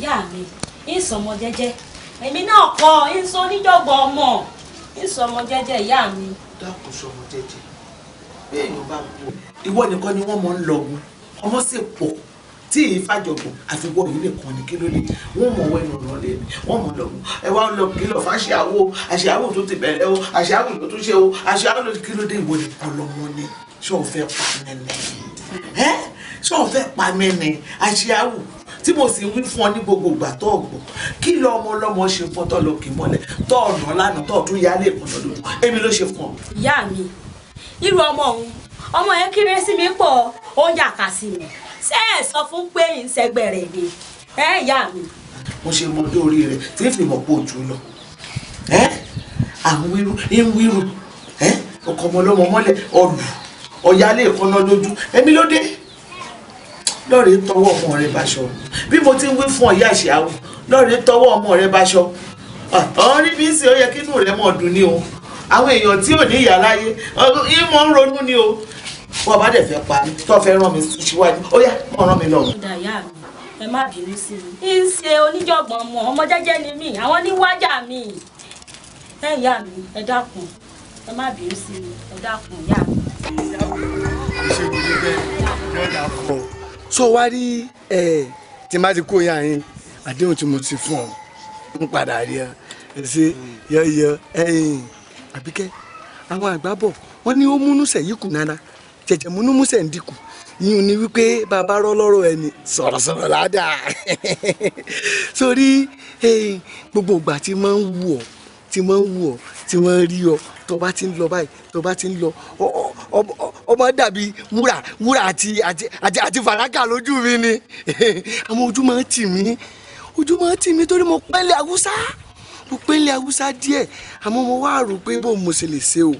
ìyá mi ń sọmọ jẹ́jẹ́ èmi náà kọ ń sọ oníjọgbọ ọmọ ń sọmọ jẹ́jẹ́ ìyá mi. dákun sọmọ jẹ́jẹ́ bẹ́ẹ̀ ni ó bá kú. ìwọ nìkan ni wọn mọ ń lọgun ọmọ sì pọ̀ tí ìfàjọgbọn àfiwọ́ yìí nìkan ni kí ló lè wọ́n mọ̀ wẹ́n nù lọ́lẹ̀ ni wọ́n mọ̀ lọ́gùn ẹ wá lọ kí lọ fún aṣáwó aṣáwó tó ti bẹ̀rẹ̀ o aṣáwó ló tún ṣe o aṣáwó ló kí ló dé ìwọ nìkan lọ́mọ ni ṣé o fẹ́ pa mẹ́nẹ̀ ẹ́ ṣé o fẹ́ pa mẹ́nẹ̀ aṣáwó tí mo sì wí fún ọ ní gbogbo ìgbà tó ọ̀gbọ̀ kí lọ ọmọ ọlọ́mọ ṣe fún tọ́ lọ kì í mọ́lẹ̀ tọ́ ọ̀nà lánàá tọ́ ọdún yálé ìkùnà lójú èmi ló ṣe fún ọ. ìyá mi irú ọmọ òun ọmọ yẹn kéré sí mi pọ̀ ó yà kà sí mi ṣé ẹ sọ fún pé ń sẹgbẹ̀rẹ̀ mi ẹ ìyá mi. mo ṣe mọ ní rẹ tí fi mọ̀ pọ̀ jù lọ àwọn wíru ń wíru ọkọ̀ ọmọ ọlọ́mọ mọ́lẹ̀ ọlù ọ̀yálé ìkọ́nà lójú èmi ló dé lọ́ọ̀rẹ́ tọwọ́ ọmọ rẹ báṣọ bí mo ti ń wí fún ọ̀yá ìṣàwọ̀ lọ́ọ̀rẹ́ tọwọ́ ọmọ rẹ báṣọ ọ̀hún rí bí ń ṣe ó yẹ kí inú rẹ mọ̀ dùn ní o àwọn èèyàn tí ò ní ìyá láyé ìmọ̀ ń ronú ni o wọ́n bá dẹ̀ fẹ́ pa mí tó fẹ́ rán mi síwájú ó yá mọ̀ rán mi lọ́wọ́. ìdàyà mi ẹ má bínú sí mi ń ṣe oníjọ̀gbọ̀n mọ̀ ọmọ jẹ́jẹ́ ni mí àwọn níwájà mi ẹ ìyá mi ẹ dákun ẹ má bínú sí mi ẹ dákun ìyá mi. ìṣègùn ló bẹ́ẹ̀ lọ́dà fún ọ so wá rí ẹ tí má ti kó ya yín àdéhùn tí mo ti fún ọ ń padà rí ọ ẹ ṣe yọyọ ẹyìn àbíkẹ́ àwọn àgbà bọ̀ wọ́n ní ó múnúṣẹ yìí kù nara jẹjẹ múnúmúṣẹ ń dínkù yín ni wípé bàbá rọlọ́rọ̀ ẹni sọ̀rọ̀sọ̀rọ̀ ládàá sórí gbogbo ìgbà tí máa ń wù ọ tí máa ń wù ọ tí wọ́n rí ọ tó bá ti ń lọ báyìí tó bá ti ń lọ ọmọ dàbí wúrà wúrà àti àti àti fàràkà lójú mi ni àwọn ojú máa ń tì mí ojú máa ń tì mí torí mo pẹ́lẹ́ haúsá mo pẹ́lẹ́ haúsá díẹ̀ àmọ́ mo wá rò pé bó mo ṣe lè ṣe o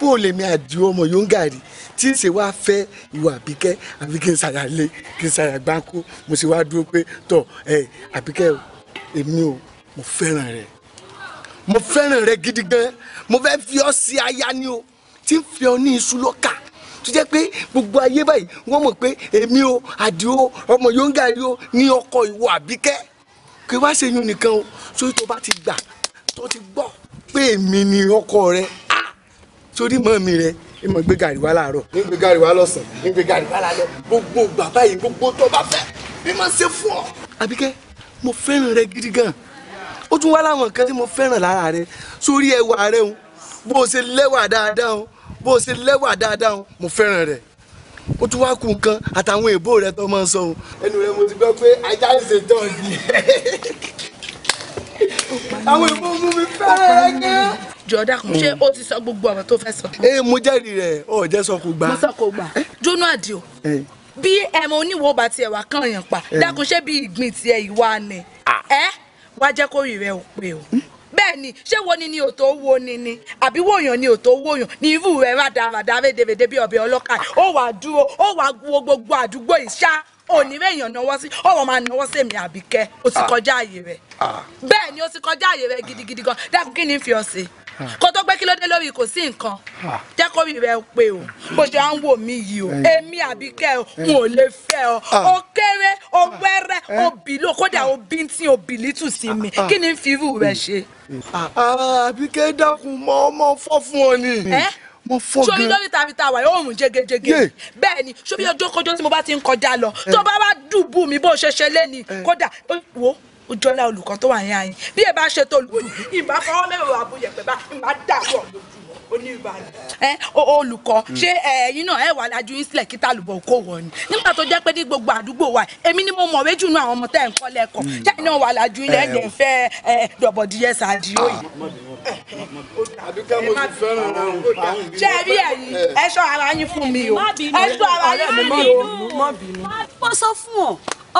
bó lèmi àdìo ọmọ yóngàrí tí ṣe wá fẹ́ ìwà àbíkẹ́ àbí kí n ṣàyàlé kí n ṣàyàgbáko mo sì wá dúró pé tọ̀ ẹ àbíkẹ́ èmi o mo fẹ́ràn rẹ̀ mo fẹ́ràn rẹ gidi gan mo fẹ́ fi ọ́ sí aya ni o tí ń fi ọ ní iṣu lọ́kà tó jẹ́ pé gbogbo ayé báyìí wọ́n mọ̀ pé èmi o àdìo ọmọ yóngàrí o ní ọkọ ìwọ àbíkẹ́ kí wá ṣe yún nìkan o sórí tó bá ti gbà tó ti gbọ́ pé èmi ni ọkọ rẹ sórí mọ́ mi rẹ ẹ mọ̀ gbé gàrí wá láàárọ̀ ní gbé gàrí wá lọ́sàn-án ní gbé gàrí wá lálẹ́ gbogbo bàbá yìí gbogbo tó bá fẹ́ bí mo ṣe fún ọ. àbíkẹ́ mo fẹ́ràn rẹ gidi gan-an ó tún wá láwọn nǹkan tí mo fẹ́ràn lára rẹ sórí ẹwà rẹ o bó o ṣe lẹ́wà dáadáa o bó o ṣe lẹ́wà dáadáa o mo fẹ́ràn rẹ ó tún wá kú nǹkan àtàwọn èèbó rẹ tó máa ń sọ o. ẹnu rẹ mo ti gbọ́ pé ajá ń ṣe tán ni àwọn èèbó mú mi fẹ́rẹ̀ gan. jọ̀dá kò ṣe ó ti sọ gbogbo ọ̀rọ̀ tó fẹ́ sọ. ee mo jẹ́rìí rẹ̀ ọ̀ jẹ́ sọ kò gbà. mo sọ kò gbà jóná àdìo bí ẹ̀mọ oníwòó bá tiẹ̀ wá kàn yàn pa dákun ṣé bí ìgbín tiẹ̀ ìwà ni wá jẹ́ kó rìn rẹ ò pé o bẹ́ẹ̀ ni ṣé wo ni ni ò tó wo ni ni àbí wòyàn ni ò tó wòyàn ní irú rẹ rádaràdà rédèrèdè bí ọbẹ̀ ọlọ́kà ó wàá dúró ó wàá wo gbogbo àdúgbò ìṣá onírè èèyàn náwó sí ọwọ́ máa náwó sèmi àbíkẹ́ o ti ah. kọjá àyè rẹ ah. bẹ́ẹ̀ ni o ti kọjá àyè rẹ gidigidi gan dákun kí ni fi ọ sí. Ah. kó tó pé kí ló dé lórí kò sí nǹkan ah. jẹ́ kó rí rẹ pé o bó ṣe à ń wò mí yìí o èmi Àbíkẹ́ o n ò lè fẹ́ o ah. o kéré o wẹ́rẹ́ eh. o bìlò kódà o bíntín o bìlítù sí mi kí ni fi irú rẹ ṣe. Àbíkẹ́ dákun mọ́ ọmọ fọ́ fún ọ ni eh? mo fọ gan. sórí lórí tàbí tàwa oòrùn jégejége bẹ́ẹ̀ ni sórí ojókòjó tí mo bá ti ń kọjá lọ eh. tó bá bá dùbù mi bó ṣe ṣe lé ni kódà wo ojọ́lá olùkọ́ tó wà yẹn àyìn bí ẹ bá ṣe tó olùkọ́ ìbá fọwọ́ mẹ́wàá àbúyẹ̀ pẹ̀ bá ìbá dàbọ̀ lójú oníbàdàn. ẹ olùkọ́ ṣé ẹ̀yin náà ẹ wà lájú yín sílẹ̀ kí tàlùbọ̀ kò ni nígbà tó jẹ́ pé ní gbogbo àdúgbò wa èmi ni mo mọ̀wé jù nú àwọn ọmọ tẹ́ ẹ̀ ń kọ́ lẹ́kọ̀ọ́ hmm. ṣé náà wà lájú yín lẹ́yìn ẹ̀ fẹ́ dọ̀bọ̀dìyẹ sàdíò yìí. àdúgbò mo ti fẹ́ràn ọ̀hún. ṣé ẹ rí ẹ̀yin ẹ ṣọ́ ara yín fún mi o ẹ ṣọ́ ara yín fún mi o. mo sọ fún ọ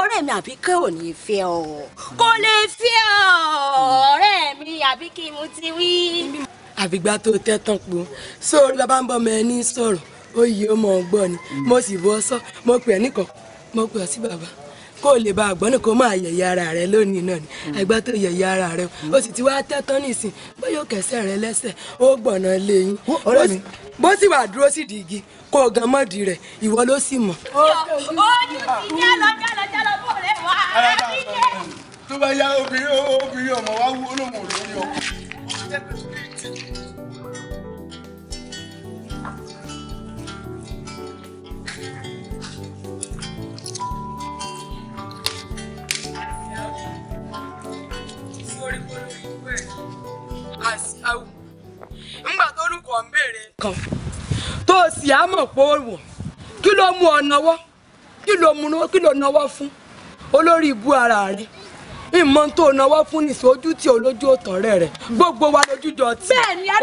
ọ̀rẹ́ mi Àbíkẹ́ ò ní fẹ́ ọ kò lè fẹ́ ọ ọ̀rẹ́ mi Àbíkẹ́ mo ti wí. àbígbà tó tẹ́tàn pò sórí bàbá ń bọ́ mi ẹni sọ̀rọ̀ ó yí ó mọ̀ ọ́ gbọ́ ni mo sì bọ́ sọ mo pè é nìkan mo pè ọ́ sí bàbá kó o lè ba àgbọ́n ní kó máa yẹ̀yẹ́ ara rẹ lónìí náà ni ẹgbẹ́ hmm. tó yẹ̀yẹ́ ara rẹ hmm. o sì ti wá tẹ́tán nìsín bóyá òkèsẹ́ rẹ lẹ́sẹ̀ ó gbọ̀nà lẹ́yìn bó sì wà dúró sí di igi kó o gan mọ́ọ̀dì rẹ̀ ìwọ ló sì mọ̀. ó ní jálọ jálọ jálọ bó rẹ wá tó bá yá obìnrin ọmọ wa wú olóhùn olórí ọkọ. àṣìáwò tó lùkọ̀ ń béèrè kan tó o sì á mọ̀ pé ó wọ̀ kí ló mú ọ náwó kí ló mú kí ló náwó fún olórí ibú ara rẹ ìmọ̀ tó o náwó fún nìṣó ojú tí olójú òtàn rẹ̀ rẹ̀ gbogbo wa lójújọ tí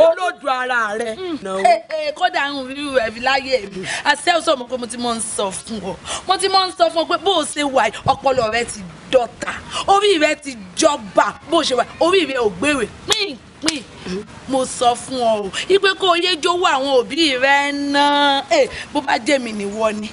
olójú ara rẹ̀ hmm. náwó. Eh, eh, kódà ń rí ẹ̀rí láyé mi àṣẹ ọ̀sọ̀ mọ̀ pé mo ti mọ̀ ń sọ fún ọ mo ti mọ̀ ń sọ fún ọ pé bó o ṣe wà ọpọlọ rẹ ti dọ̀tà orí rẹ ti jọba bó o ṣe wà orí rẹ ò gbèrè pín mo sọ fún ọ o ipe kó o yé jówó àwọn òbí rẹ náà bó bá jẹ́ mi nìwọ ni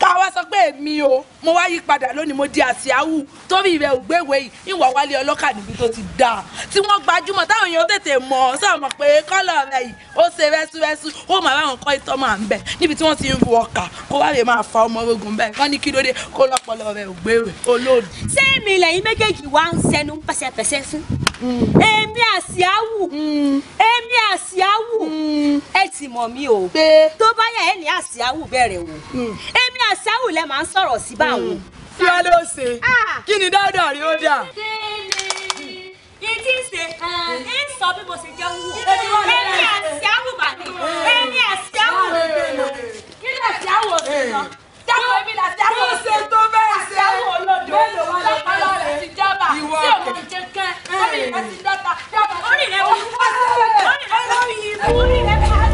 ká wá sọ pé èmi o mo wá yí padà lónìí mo di àṣìáwù torí rẹ ò gbéwé yìí ìwà wálé ọlọ́kà níbi tó ti dáa tí wọ́n gbajúmọ̀ táwọn èèyàn tètè mọ̀ ọ́ sọ̀rọ̀ mọ̀ pé kọ́lọ̀ rẹ yìí ó ṣe rẹ́súrẹ́sú ó mà láwọn kọ́ ìtọ́ máa ń bẹ̀ níbi tí wọ́n ti ń ru ọkà kó wá lè máa fa ọmọ ogun bẹ́ẹ̀ wọ́n ní kí ló kó lọ́pọlọ rẹ ò gbéwé olóòdù. ṣé èmi lẹ́yìn méjèèjì wá ń sẹnu pẹ̀sẹ̀pẹ̀sẹ̀ Mm. èmi àṣìáwù mm. èmi àṣìáwù mm. ẹ ti mọ̀ mí o tó bá yà ẹ́ ní àṣìáwù bẹ̀rẹ̀ o èmi àṣìáwù lẹ máa ń sọ̀rọ̀ sí báwọn. kí wàá ló ṣe ah. kí ni dáadáa rí ó dà. ìdí ṣe ń sọ bí mo ṣe jẹ́ wù ó èmi àṣìáwù bàbí èmi àṣìáwù kí ni àṣìáwù ò sí lọ jáwọ́ èmi làṣìáwù. kó ṣe tó bẹ́ẹ̀ ṣe mélòó wà lápá lọ́rẹ̀ bàbà tí ọmọ ìjẹ kẹ orí rẹ ti dọta dọta orí rẹ wá orí rẹ wá orí rẹ wá.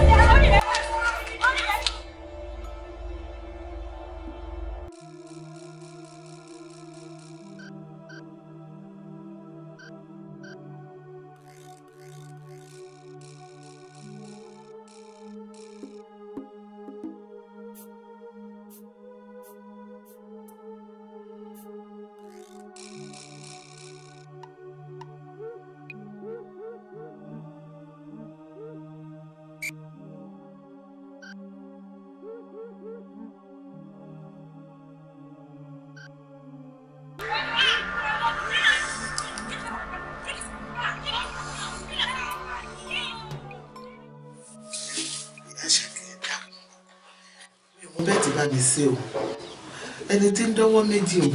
lọ́wọ́ méjì o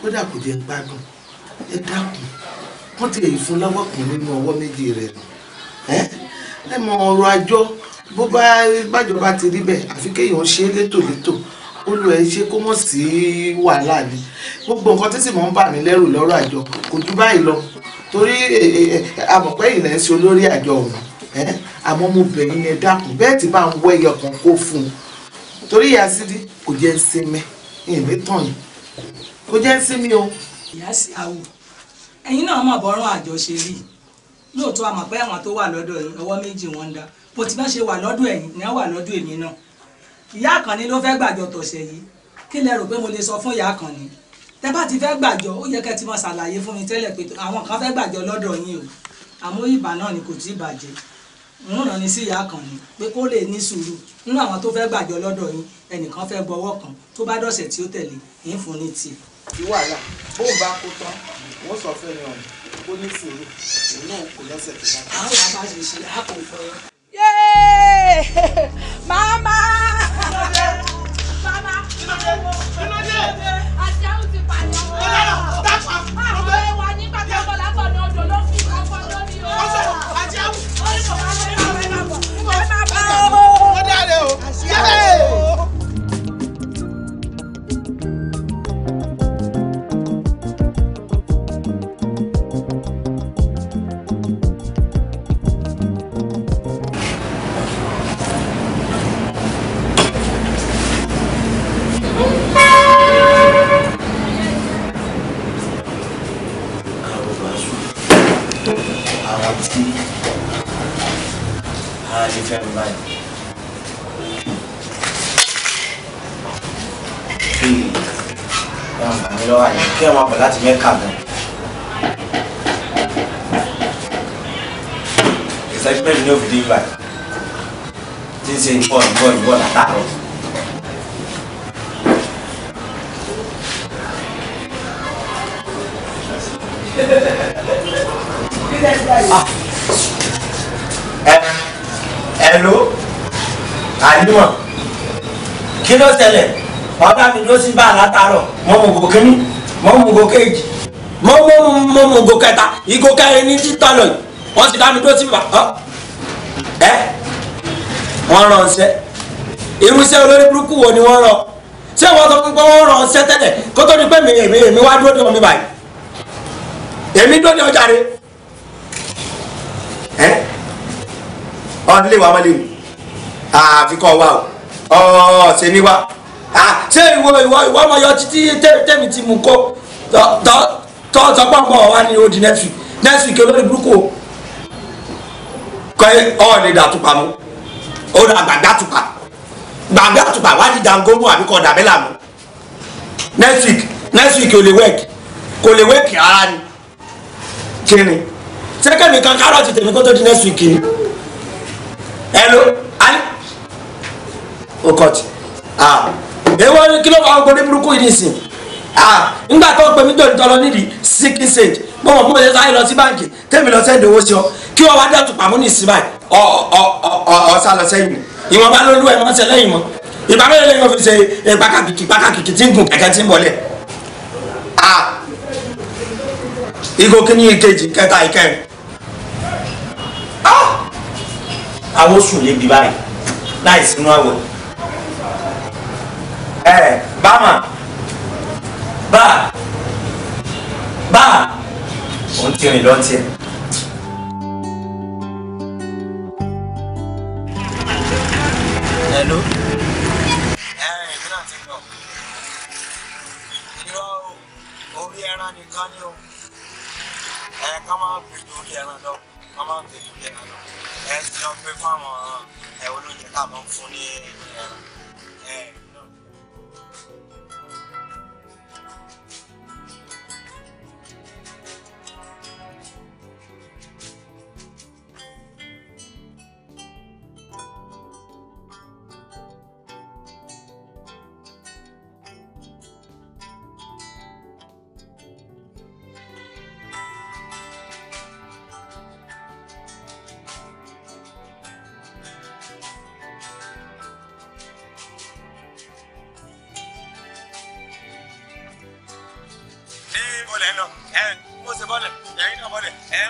kódà kò jẹ́ gbádùn ẹ dákun wọ́n ti èyí fún lọ́wọ́ kan nínú ọwọ́ méjì rẹ̀ nù ẹ́ ẹ mọ ọrọ̀ àjọ bó bá bájọba ti rí bẹ́ẹ̀ àfi kéèyàn ṣe é létòlétò olú ẹ ṣe kó mọ̀ sí wàhálà ni gbogbo nǹkan tí sì mọ̀ ń bà mí lẹ́rù lọ́rọ̀ àjọ kò ju báyìí lọ torí àmọ̀pẹ́ ìlẹ̀ ń ṣe olórí àjọ ọ̀hún àmọ́ mo bẹ̀ yín ẹ dákun bẹ́ẹ̀ tí máa ń wọ ẹyọ kan kó fún un torí ìyá sídìí kò jẹ́ ń sinmi ìyẹn mi tàn kò jẹ́ sinmi o. ìyá sí àwò ẹ̀yin náà mọ̀ bọ́rún àjọṣe rí lóòótọ́ àmọ̀ pé àwọn tó wà lọ́dọ̀ yìí ọwọ́ méjì wọn ń dá bó ti bá ṣe wà lọ́dọ̀ ẹ̀yin ni wọ́n wà lọ́dọ̀ èmi náà ìyá àkànní ló fẹ́ gbàjọ tọ̀sẹ̀ yìí kí lẹ rò pé mo lè sọ fún ìyá àkànní tẹ bá ti fẹ́ gbàjọ ó yẹ kẹ́ ti mọ ṣàlàyé fún mi tẹ́lẹ̀ pé àwọn kan fẹ́ gbàjọ lọ́dọ̀ yín o àmọ́ ìbà náà ni kò tí ì bàjẹ́ ń ràn ní sí ìyá àkànní pé kó lè ní sùúrù nínú àwọn tó fẹ́ gbàjọ lọ́dọ̀ yín ẹnìkan fẹ́ bọwọ́ kan tó bá dọ̀sẹ̀ tí ó tẹ̀lé ń fún ní tiẹ̀ sí wàhálà bó bá kó tán wọ́n sọ fẹ́ yan kó ní sùúrù òun náà kò lọ́sẹ̀ tó bá. àwọn làbá ṣe ṣe àpò fún un. yéé màmá. kí ló dé kí ló dé kí ló dé. ṣe fẹ́ mi báyìí. ẹ máa mi lọ́wọ́ àyè kí ẹ máa bọ̀ láti mẹ́ka gan. excitement ní òfin dé báyìí tí ń ṣe ìbọn ìbọn ah hello ànímọ̀ kí ló ṣẹlẹ̀ ọ̀gá mi ló sì bá a látàárọ̀ mọ́ mo gò kínní mọ́ mo gò kéèjì mọ́ mo mo gò kẹta ìgò kẹrin ní títọ́ lọ yìí wọ́n ti dá mi dúró sí ma ẹ wọ́n rán ṣẹ́ irúṣẹ́ olórí burúkú wo ni wọ́n rán ṣé wọ́n sọ fún pé wọ́n rán ṣẹ́ tẹ́lẹ̀ kó tó di pé mi èmi èmi wá dúró de wọn mi báyìí èmi dúró de ọjà rẹ̀. ọdún lè wá mọ́lẹ̀ mi àfikọ́ wa o ọ̀ ṣe ni wa ṣé ìwọ ìwọ ìwọ ọmọ yọ títí tẹ́mi ti mú kó tọ́ tọ́pọ̀ nǹkan wa ni ó di next week next week olórí burúkú o kọ́ ọ̀ ní dàtúpà mú ó dà gbàgbà tùpà gbàgbà tùpà wá di dangomo àbíkọ́ dàbẹ́là mú next week next week o lè wẹ́ẹ̀kì kò lè wẹ́ẹ̀kì ara ni kí ni ṣé kẹ́mi kan kárọ̀tì tèmi kó tó di next week ni. hello ali okot oh, ah ewo kí ló fà gbóni burúkú yìí nísìn ah ńgbà tó ń pè mí tòlítọ́ sikin sage mo mọ̀ mo ṣe sáré lọ sí lọ kí wọ́n wá dẹ́tù pàmò ní ìsinmi ọ ọ ọ lọ sẹ́yìn ẹ̀ lẹ́yìn mọ́ lẹ́yìn tí ń gùn àwọn oṣù lè bí báyìí láì sínú àwẹ̀ ẹ bámà bá bá òun ti rìn lọ́ntì ẹ̀. Hello. orí ẹran nìkan ni o ẹ̀ka máa ń fi orí ẹran lọ ká máa ń tẹ̀lé ẹ jọ pé fún àwọn olóúnjẹ tá a máa ń fún ní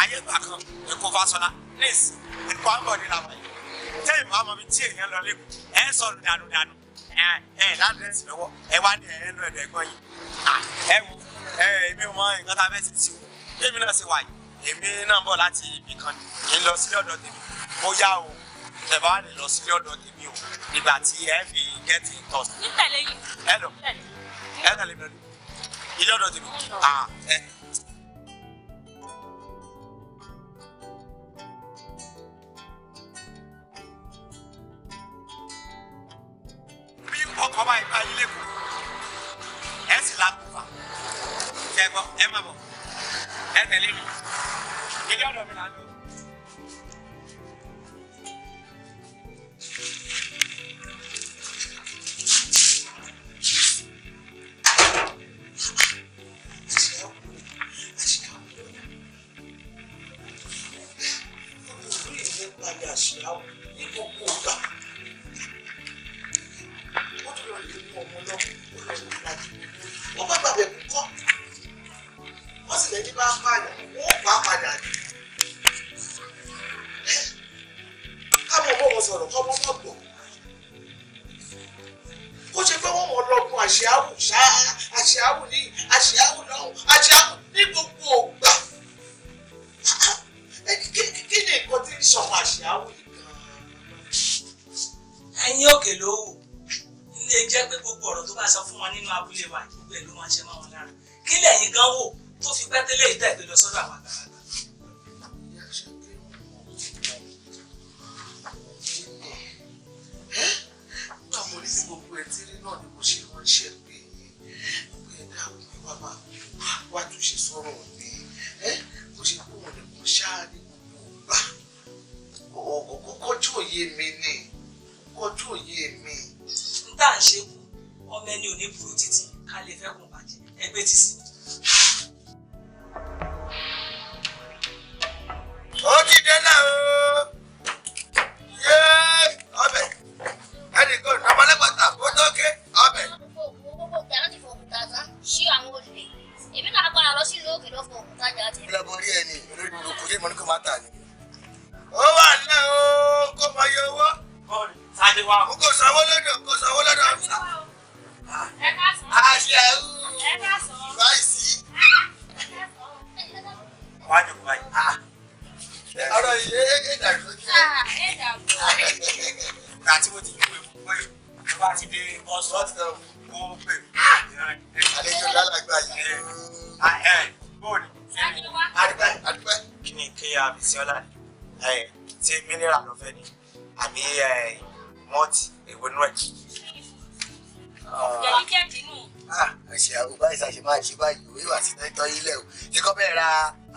ayé gbà kan èkó fásọlá níìsì èkó àbọ̀dé làwọn yìí tẹ́yìn mọ́ àmọ́ mi tí èèyàn lọ lẹ́kọ̀ọ́ ẹ̀ ń sọ̀rọ̀ dànù dànù ẹ̀ ẹ̀ ládẹ́sì lọ́wọ́ ẹ̀ wá ní ẹ̀ ń lọ ẹ̀dẹ̀gbọ́n yìí ẹ̀ wò ẹ̀ èmi mọ nǹkan tá a fẹ́ ti ti wò èmi náà ṣe wà yìí èmi náà bọ̀ láti ibì kan kì lọ sílé ọ̀dọ̀ tèmi ó yá o ẹ bá lè lọ sílé ọ̀dọ̀ tèmi o ìgbà tí ẹ fi get in touch. nítẹ̀lé yìí. ẹ lọ ẹ tẹ̀lé mi lọ ilé ọ̀dọ̀ tèmi. bí ọkọ̀ báyìí bá yín lẹ́kọ̀ọ́ ẹ sì lágbo wa ṣẹ́gbọ́n ẹ má bọ̀ ẹ tẹ̀lé mi ilé ọ̀dọ̀ mi là ń lò. àṣìáwù ṣáá àṣìáwù ní àṣìáwù náà àṣìáwù ní gbogbo ògbà kí ni nǹkan tí ń sọmọ àṣìáwù yìí gan-an. ẹ̀yin òkè ló wù ilé jẹ́ pé gbogbo ọ̀rọ̀ tó bá sọ fún wọn nínú abúlé wa ìgbẹ́ ló máa ṣe máa wọn lára kí lẹ́yìn gan wò tó fi pẹ́ tẹ́lẹ̀ ìdá ìgbẹ́ lọ sọ́dọ̀ àwọn àgbà mo ní sí gbogbo ẹ̀ tí náà ni mo ṣe ránṣẹ́ pé pé ẹ̀dá àwọn ìwà máa wá túnṣe sọ̀rọ̀ ni mo ṣe kó wọn nìkan ṣáá ní gbogbo ọgbà ọ̀gọ̀gọ̀ kọjú òye mi ni kọjú òye mi. n tá à ń ṣe kú ọmọ ẹni ò ní burú títí ká lè fẹ́ kún bàjẹ́ ẹgbẹ́ ti sìn. ó ti dé náà o yé ọbẹ̀ ẹnì kan ọjà láti fọ òkúta ta sí àwọn olè èmi náà padà lọ sí ìlú òkè lọ fọ òkúta jà jẹ. ìlà borí ẹ ni lórí òkú yé mọ́nìkà máa ni. ó wà lẹ́ o kó máa yọ owó. bọ́ọ̀lù sáde wa. kò sanwó lọ́dọ̀ kò sanwó lọ́dọ̀. ẹ ká sọ. àṣẹ ń. ẹ ká sọ. báyìí wájú wa yìí. ọ̀rọ̀ yìí ẹ ẹ dàgbò. ẹ dàgbò. àti mo ti yí ìwé fún pé mo bá ti dé bọ́ọ̀sì kó o pè mí. àlejò lálàgbà yìí. bóòlù adúgbà adúgbà. kí ni kí Abísọ́lá ṣe mineral ló fẹ́ ni àbí mọ́ọ̀tì èwo nú ẹ̀. jẹ̀bi kẹ́ẹ̀dì nù. ẹ̀sẹ̀ àbúgbà ìṣàṣẹ máa ṣe báyìí òwe wà sí tẹ́tọ́ ilẹ̀ o ṣé kọ́ bẹ́ẹ̀ ra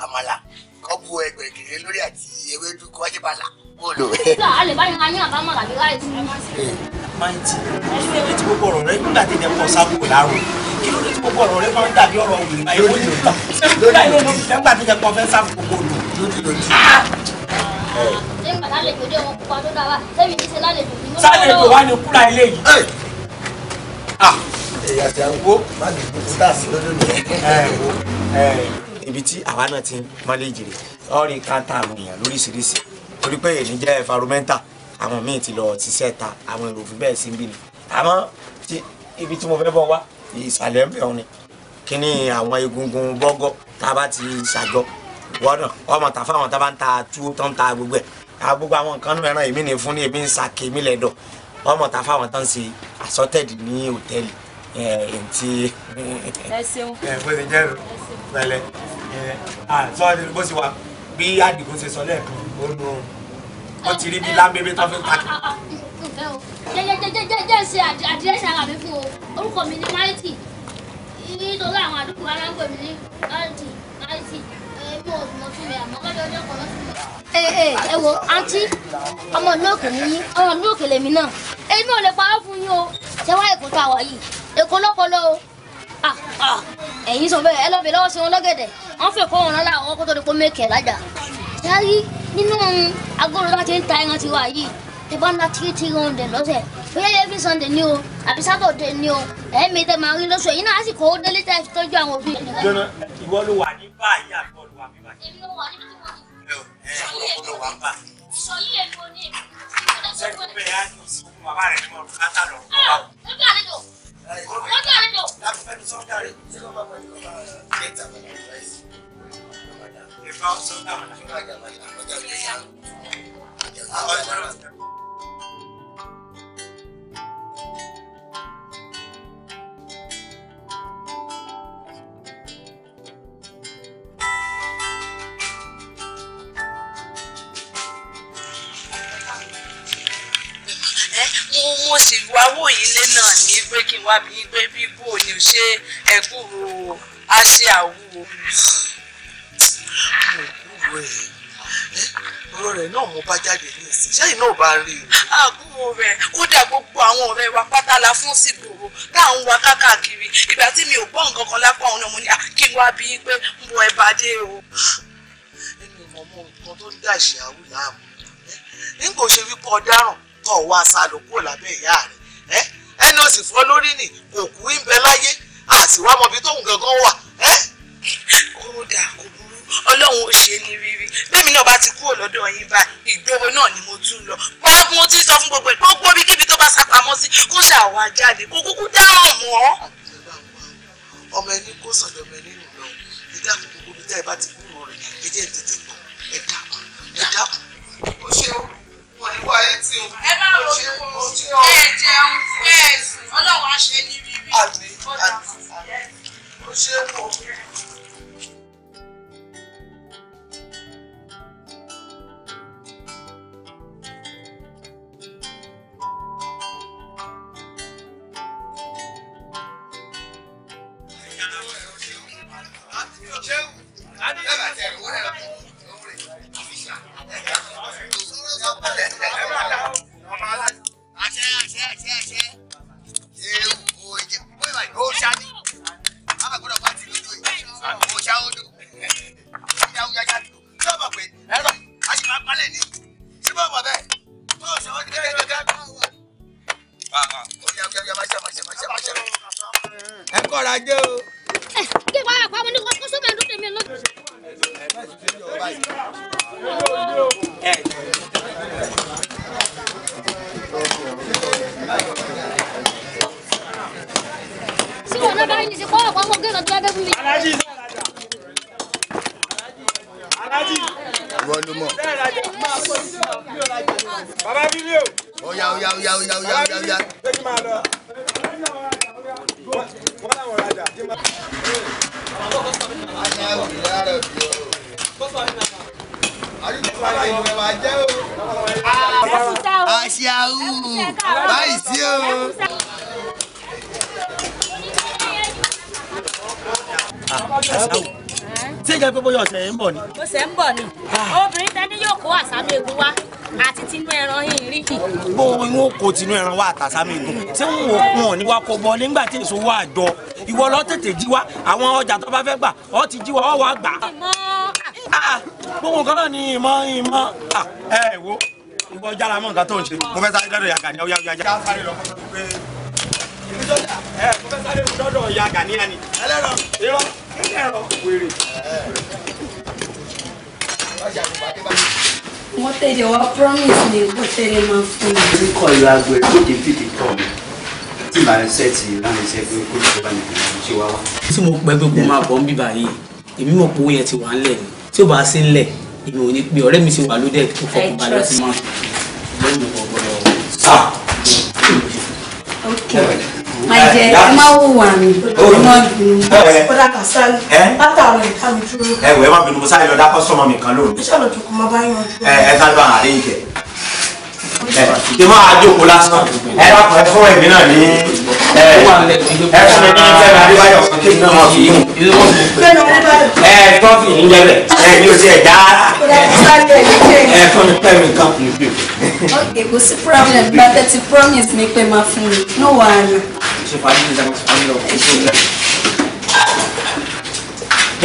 àmàlà kọ́ eh, eh, bu ẹgbẹ̀gìrì lórí àti ewédú kọ́ ṣe bàlà. bóòlù. a lè bá yín ra yín àbámọ̀ àbí láì sí máìtì kí ló dé tí gbogbo ọ̀rọ̀ rẹ nígbà tí ilẹ̀ pọ̀ sáko láàrọ̀ kí ló dé tí gbogbo ọ̀rọ̀ rẹ máa ń dàbí ọ̀rọ̀ òwò ìgbà yóò lè ta nígbà yóò lè ta tí ilẹ̀ pọ̀ fẹ́ sáko gbogbo lò lódì lódì. sálẹ̀dọ̀ wá ní kúrà ilé yìí. Ah! ẹ̀yà tí a ń wo má lè gbogbo tá a lọ́dọ̀ nìyẹn. Eh, eh. ibi tí àwa náà ti máa lè jèrè ọ̀rìn káńtà àwọn èèyàn lóríṣiríṣi torí pé èyí jẹ́ environmental àwọn míì ti lọ ti sẹ́ta àwọn èrò òfin bẹ́ẹ̀ sí ń bì ní àmọ́ ibi tí mo fẹ́ bọ̀ wá ìsàlẹ̀ ń bẹ̀ wọn ni kí ni àwọn egungun bọ́gọ́ tá a bá ti ṣàjọ wọ́nà ọmọ tà fáwọn tá a bá ń ta túwó tó ń ta gbogbo ẹ̀ gbogbo àwọn nǹkan mìíràn èmi ní fún ní èmi ń sàkè mí lẹ́dọ̀ ọmọ tà fáwọn tó ṣe assorted ní hòtẹ́ẹ̀lì ti. ẹ ṣeun. ẹ bó ṣe jẹ́ pẹ̀lẹ́ ẹ sọ wọ́n ti rí bí lábẹ́bẹ́ tó fi ń takì. jẹ́jẹ́jẹ́jẹ́ ṣe àdírẹ́sì ara mi fún o orúkọ mi ni máìtì nítorí àwọn àdúgbò alágbè mi ní máìtì máìtì mo ò mọ̀ tún mi àmọ́ lọ́dọ̀ ọjọ́ kan lọ́sùn mi. ẹ wo àǹtí ọmọ ìlú òkè mi yín ọmọ ìlú òkè lèmi náà èmi ò lè parọ́ fún yín o ṣé wá èkó tó àwọ̀ yìí èkó lọ́pọ̀lọ́ o ẹ̀yin sọ bẹ́ẹ̀ ẹ lọ́ọ́ fi lọ́wọ́ sí wọn lọ́gẹ̀dẹ̀ wọ́n fẹ́ kó wọn lọ́la àwọn kó tó di pé mẹ́kẹ̀ẹ́ lájà sẹ́rí nínú agolo tó bá ti ń ta ẹran tiwa yìí tẹ bá ń ta three three hundred lọ́sẹ̀ bóyá every sunday ni o àbí saturday ni o ẹ̀ẹ́mì tẹ máa rí lóṣù ẹ̀yìn náà á sì kó o délé tẹ́ fi tọ́jú àwọn òbí. jọ́nà ìwọ ló wà ní báyìí àbọ̀ ló wà ní báyìí. èmi ló wà ní báyìí. ẹ ẹ ló wà bá. sọ ni, èmi ò ní èmi. sẹ́kùn bẹ́ẹ̀ á ní oṣù fún bàbá rẹ̀ mọ́ látà lọ. lójú àlejò lójú àlejò mo sì wá wò yín lé náà ní pé kí n wá bí pé bíbò ni ò ṣe ẹ̀kú àṣẹ àwúwo ọ̀rọ̀ ẹ̀ ọ̀rọ̀ rẹ̀ náà mo bá jáde ní ìsìn sẹ́yìn náà bá ń rí o. àbúrò rẹ̀ kódà gbogbo àwọn ọ̀rẹ́ wa pátá la fún sí gbòòrò wa káàkiri ìgbà tí mi ò gbọ́ nǹkan kan lápá òun náà mo ní kí n wá bí i pé ń bọ ẹ bá dé o. nínú ìmọ̀mọ́ nǹkan tó ń dà ṣe àwùlà àmọ́ nígbà ò ṣe wípé ọ̀daràn kọ̀ wá sá lọ kúrò lábẹ́ ìyá rẹ̀ ẹni ò sì fọ́ lórí nì kò kú ń bẹ láyé àti tóun gangan wà. ó dà kó ọlọ́run ó ṣe ní rírí bẹ́ẹ̀mi náà bá ti kúrò lọ́dọ̀ yín bá ìgboro náà ni mo tún lọ wọ́n mo ti sọ fún gbogbo ẹ̀ gbogbo bí kíbi tó bá sápamọ́ sí kó ṣàwọ̀ ajáde kó kúkú dáhùn mọ́. ọmọ ẹni kó sọ̀dọ̀ ọmọ ẹni nù lọ ìdá gbogbo bí táyì bá ti kúrò rẹ̀ ẹjẹ́ ẹ̀ tètè bọ̀ ẹ̀ dákun ẹ̀ dákun. ó ṣe wọn ni wàá yín tí o. ẹ má ro ìwọ ẹ jẹun ẹ sùn ọlọ́run á ṣe ní rírí. àmín àmín àmín ó ṣe é tinú ẹran wá àtàsámì nù tí wọn ò kún ọ níwá kó bọ nígbà tí èso wà jọ ìwọ lọ tètè jí wá àwọn ọjà tó bá fẹ́ gbà ọ ti jí wá ọ wá gbà. Ah, gbogbo nǹkan náà ni ìmọ̀ ìmọ̀ ah, ẹ wo ìwọ jára mọ́ nǹkan tó ń ṣe mo fẹ́ sáré dọ́dọ̀ yàgà ní ọ̀yá ọ̀yá já. ẹ mo fẹ́ sáré dọ́dọ̀ yàgà ní ẹni ẹlẹ́rọ ìrọ̀ wèrè. owó tẹ̀lé wa promise ni owó tẹ̀lé máa fún mi. tí kò ìlú agbo ẹ̀ tó dé fìdí tọ̀ mi tí màá rẹ sẹ́ẹ̀tì láàrin iṣẹ́ pé kó tó bá nìkan ṣe wá wá. tí mo pẹ́ pé kó máa bọ̀ ń bí báyìí èmi mọ̀ pé owó yẹn ti wà ńlẹ̀ ni tí ò bá sí ńlẹ̀ èmi ò ní pé ọ̀rẹ́ mi ti wà lóde kó fọkàn balẹ̀ sí máa. jẹ́ ẹ má wò wà mí náà bínú kódà eh, eh. kà sáré eh? látàrọ ìka mi dúró. ẹ wẹ́ẹ́ má bínú mo sáré lọ dá kọ́sọ́mọ mi kan lóru. iṣẹ́ lọ́jọ́ kò máa bá yàn jù. ẹ ẹ sáré bá àárẹ̀ yìí kẹ kí máa jókòó lásán ẹ bá kọ ẹ fún ẹmí náà ní ẹ fún mi ní fẹmi adébáyọ kí n náà mọ fi yín ẹ tọ́fì ń jẹ bẹ ẹ ní o ti ẹ dá ẹ fún mi fẹmi kan. ok kò sí problem bàtẹ ti promise mi pé máa fún mi no wàhálà su kwanin da masu kwanin da kwanin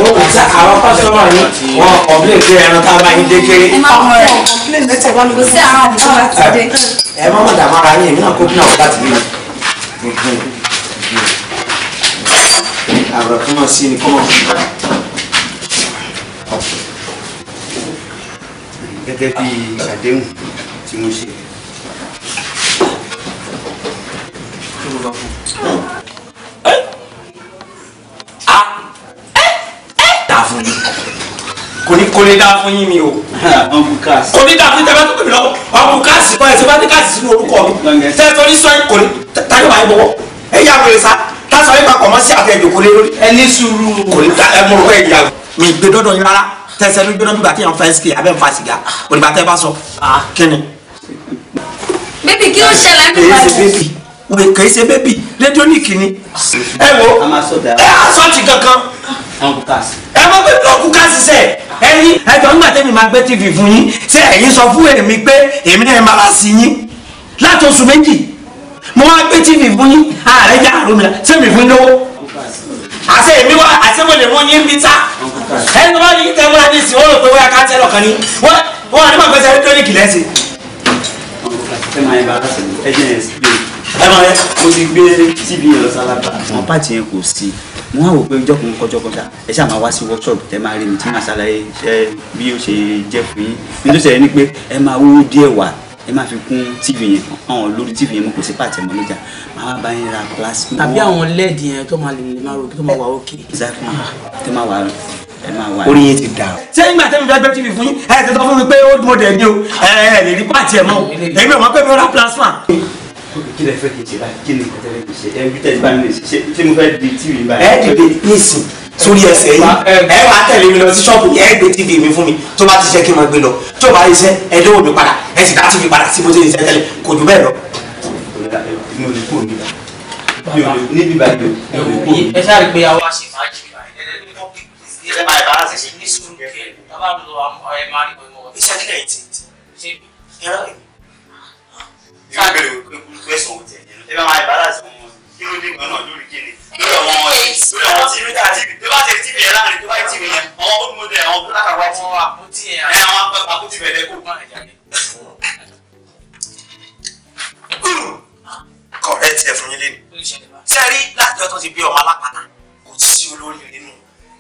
wọ́n sá àwọn pásítọ̀mà ní wọn complain pé ẹran tá kò ní kò ní dáa fún yín mi o. kò ní dáa fún tẹ́lẹ̀ tó pèmí lọ́wọ́ ọ̀bùkásì kọ́ ẹ̀ ṣe bá ní káàsì sínú orúkọ mi tẹ́tọ́ ní sọ́yìn kò ní máa ń bọ̀wọ̀ ẹ yà wèrè sá tásán yín papọ̀ mọ́ sí àtẹ̀jọ́ kò lórí. ẹ ní sùúrù kò ta ẹ mú orúkọ ẹ̀ jà. mi gbé dọ́dọ̀ yín rárá tẹsẹ̀ ló gbẹ́dọ̀ nígbà téèyàn fẹ́ ski abẹ́ ẹ wo ẹ asọ́ọ̀tì kankan ẹ mọ pé búlọ̀kù ká ṣiṣẹ́ ẹ̀yin ẹjọ́ nígbà tẹ́mi máa gbé tv fún yín ṣé ẹ̀yin sọ fún èmi pé èmi náà máa ra sí yín láti oṣù méjì mo wá gbé tv fún yín ààrẹ já àrùn mi sẹ́mi fún lówó àṣẹ èmi wá àṣẹ mo lè mú yín bí sá ẹni tó bá yí tẹ́ múra ní ìsìn ó rò pé wọ́n yà ká tẹ́ lọ́kàn ní wọ́n wọ́n àdúgbò gbèsè rédíò kìlẹ́sì ẹ máa yẹ bá ẹ jẹ́ ẹ sí pé ẹ máa yẹ mo ti gbé tv yẹn lọ sálábà àwọn pàtì kò sí wọ́n á wò pé ọjọ́ kan kọjọ́ kọjá ẹ ṣáà máa wá sí workshop tẹ́ máa rí mi tí màá ṣàlàyé ṣe bí ó ṣe jẹ́ fún yín nítorí ṣẹlẹ̀ ni pé ẹ máa wúwo díẹ̀ wà ẹ máa fi kún tv yẹn àwọn lórí tv yẹn mo kò sí pàtẹ mọ níjà màá wá bá yín ra plasma. tàbí àwọn led yẹn tó máa lè lè máa rògbé tó máa wà òkè. exactly ah. tó máa wà ẹ máa wà. orí yẹn ti dà o. ṣé nígbà tẹ́mi fẹ́ gbé tv fún yín ẹ̀ ẹ̀ tẹ́tọ́ fún mi pé old model ni o ẹ̀ o lè rí pàtẹ mọ́ èmi ò mọ̀ pé mi ra plasma kí lè fẹ́ kí n ṣe báyìí kí ni nǹkan tẹ́lẹ̀ kì í ṣe ẹ bí tẹ̀sí bá mi lè ṣe ṣé mo fẹ́ di tv báyìí. ẹ dìde nísìn sórí ẹsẹ̀ yìí ẹ wà tẹ̀lé mi lọ sí ṣọ́ọ̀bù yẹn ẹ gbé tv mi fún mi tó bá ti ṣe kí n máa gbé lọ tó bá rí iṣẹ́ ẹ dé òdo padà ẹ sì dá tv padà sí bó ṣe ń ṣe tẹ́lẹ̀ kò jù bẹ́ẹ̀ lọ. mi ò lè kú òní níbi báyìí mi ò lè kú òní. ẹ question òun tẹ̀lé ẹ bá máa balance ọmọ kí ló dé gan-an lórí kíni lórí àwọn lórí àwọn tí irú tàbí tó bá tẹ̀ tíbi ẹ̀ láàrin tó bá tíbi yẹn àwọn old model àwọn black and white àwọn àpótí ẹ̀ àwọn àpótí kó gbọ́n ẹ̀jẹ̀ mi. correct ẹ̀ fún yín lẹ́nu ṣe rí láti ọjọ́ ti bí ọmọ alápàtà kò sí olórí nínú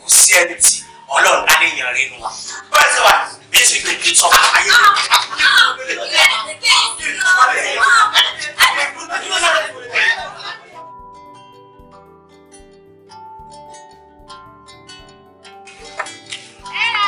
kò sí ẹni tí ọlọ́run á níyàn rẹ nù wọn. bẹ́ẹ̀ sọ wa bí èsì kìkì sọ fún ayé rẹ. ẹ ra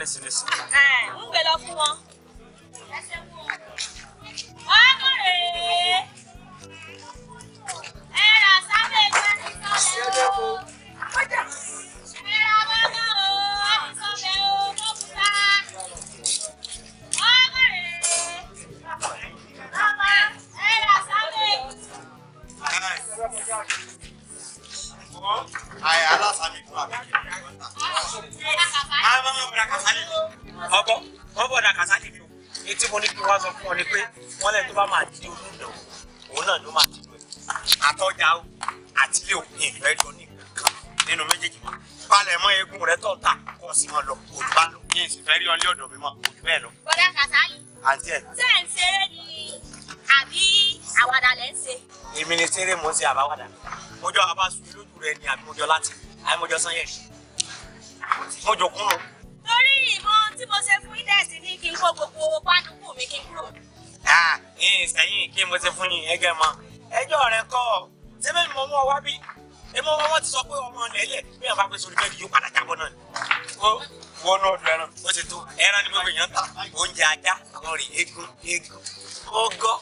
honest in this ọ̀dọ̀ mi mọ́ kò jù bẹ́ẹ̀ lọ. bọ́dà kàtàyè. àǹtí ẹ̀. ṣé ẹ̀ ń ṣeré ni àbí àwàdà lẹ́ ń ṣe. èmi ni ṣeré mo ń ṣe àbáwàdà mo jọ abáṣu lójú rẹ ni àbí mo jọ láti àbí mo jọ sanyẹ mo jọ kúnnù. torí ìmọ̀ tí mo ṣe fún idẹ́sì ni kí n kó gbogbo pánukù mi kí n kúrò. ẹ̀yìn sẹ́yìn kí mo ṣe fún yín ẹgẹ́ mọ́ ẹjọ́ rẹ kọ́ sẹ́fẹ̀ mọ́ wá wọ́n náà lu ẹran ó ti tó ẹran ni gbogbo èèyàn ta oúnjẹ ajá àwọn rè eégún eégún ọgọ́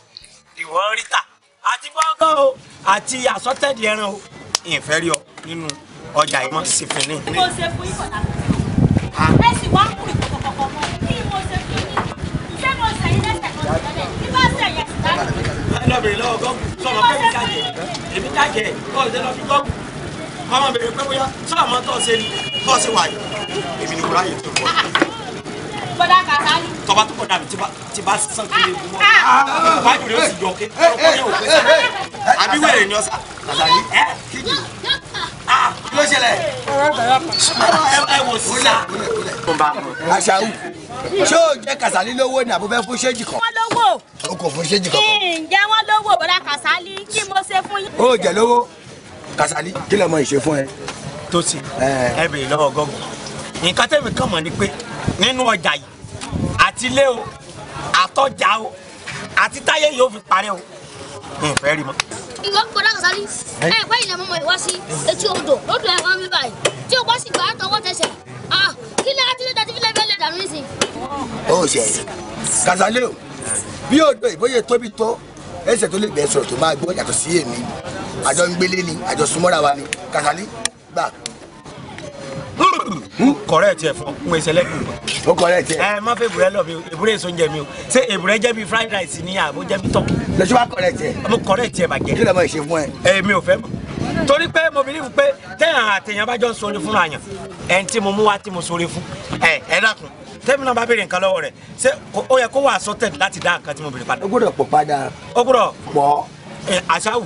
ìwọ́n rí àti bọ́gọ́ o àti àsọtẹ́ẹ̀dì ẹran o ìfẹ́ rí ọ nínú ọjà ìmọ̀ sí ní. kí mo ṣe fún yín kọ̀dà ẹ sì wá kúrò kọ̀kọ̀kọ̀ mọ́ kí mo ṣe fún yín ṣé mo ṣe yín lẹ́sẹ̀ kan tẹ́lẹ̀ kí bá ṣe yẹn sì dáhùn. ẹ lọ bèrè lọ́wọ́ gọ́ọ̀gù sọ̀rọ̀ pé mi ká èmi ká jẹ kọ́ọ̀dé lọ wọn máa bèrè pé bóyá sọ́ọ̀ mọ́ tọ́ ṣe ni bọ́ ṣe wà yìí èmi ni mo ráyè tó wọ́n. bọ́dà kàkálù. tọ́ba tó kọ̀dà mi ti bá sàn kiri egun mọ́ báyìí rẹ̀ ó sì yọ ké eh, eh, ọkọ yẹn ò pé sẹ́yìn eh, àbí wẹ̀rẹ̀ ni ọ̀sà kàdà yìí ẹ kíjì ah, kí ló ṣẹlẹ̀ ẹ wò sí la. àṣàwù ṣé o jẹ Kàsálí lówó ni àbúfẹ́ fún ṣéjì kan. wọ́n lówó. o kò fún ṣéjì kan. kí n jẹ́ wọ́n lówó bọ́dà Kàsálí kí mo ṣe fún yín. o jẹ lówó. Kasali kí lè mọ ìṣe fún ẹ. tó sì ẹ bèrè lọ́wọ́ gọ́gùn nǹkan tẹ́mi kàn mọ̀ ni pé nínú ọjà yìí àtilé o àtọ́jà o àti táyé yóò fi parẹ́ o nfẹ́ rí mọ́. ìwọ ń kọdá Kasali ẹ ẹ báyìí lẹ́mọ́ ìwá sí etí odò lódò ẹ̀wọ̀n mi báyìí tí o bá sì gbà á tọwọ́ tẹsẹ̀ kí lè àti lẹ́tà tí fi lẹ́fẹ́ lẹ́dà lórí sí. ó ṣe Kasali o bí odò ìbóyè tóbi tó ẹsẹ̀ tó lè bẹ̀ẹ́ sọ̀rọ̀ tó bá gbọ́ yàtọ̀ sí èmi àjọ ń gbélé ni àjọ súnmọ́ra wa ni Kasali gbà. kọ̀rẹ́ tiẹ̀ fún un ẹsẹ̀ lẹ́kùn. ó kọ̀rẹ́ tiẹ̀. ẹ má fẹ́ èbúrẹ́ lọ mi o èbúrẹ́ èso ń jẹ mi o ṣé èbúrẹ́ jẹ́ bí fried rice ni àbó jẹ́ bí tọ́kì. lọ́sọ́ bá kọ̀rẹ́ tiẹ̀. mo kọ̀rẹ́ tiẹ̀ bàjẹ́. kí ló máa ṣe fún ẹ. èmi ò fẹ́ mọ̀ torí pé mo believe pé téèyàn àtèèyàn bá jọ ń sori fúnra yàn ẹ̀ ń tí mo mú wá tí mo sori fún ẹ̀ ẹ̀ dákun tẹ́mi náà bá béèrè nǹkan lọ́wọ́ rẹ̀ ṣé ó yẹ kó wà assorted láti dá nǹkan tí mo béèrè padà. ó gbọ́dọ̀ pọ̀ padà. ó gbọ́dọ̀ pọ̀. àṣàwù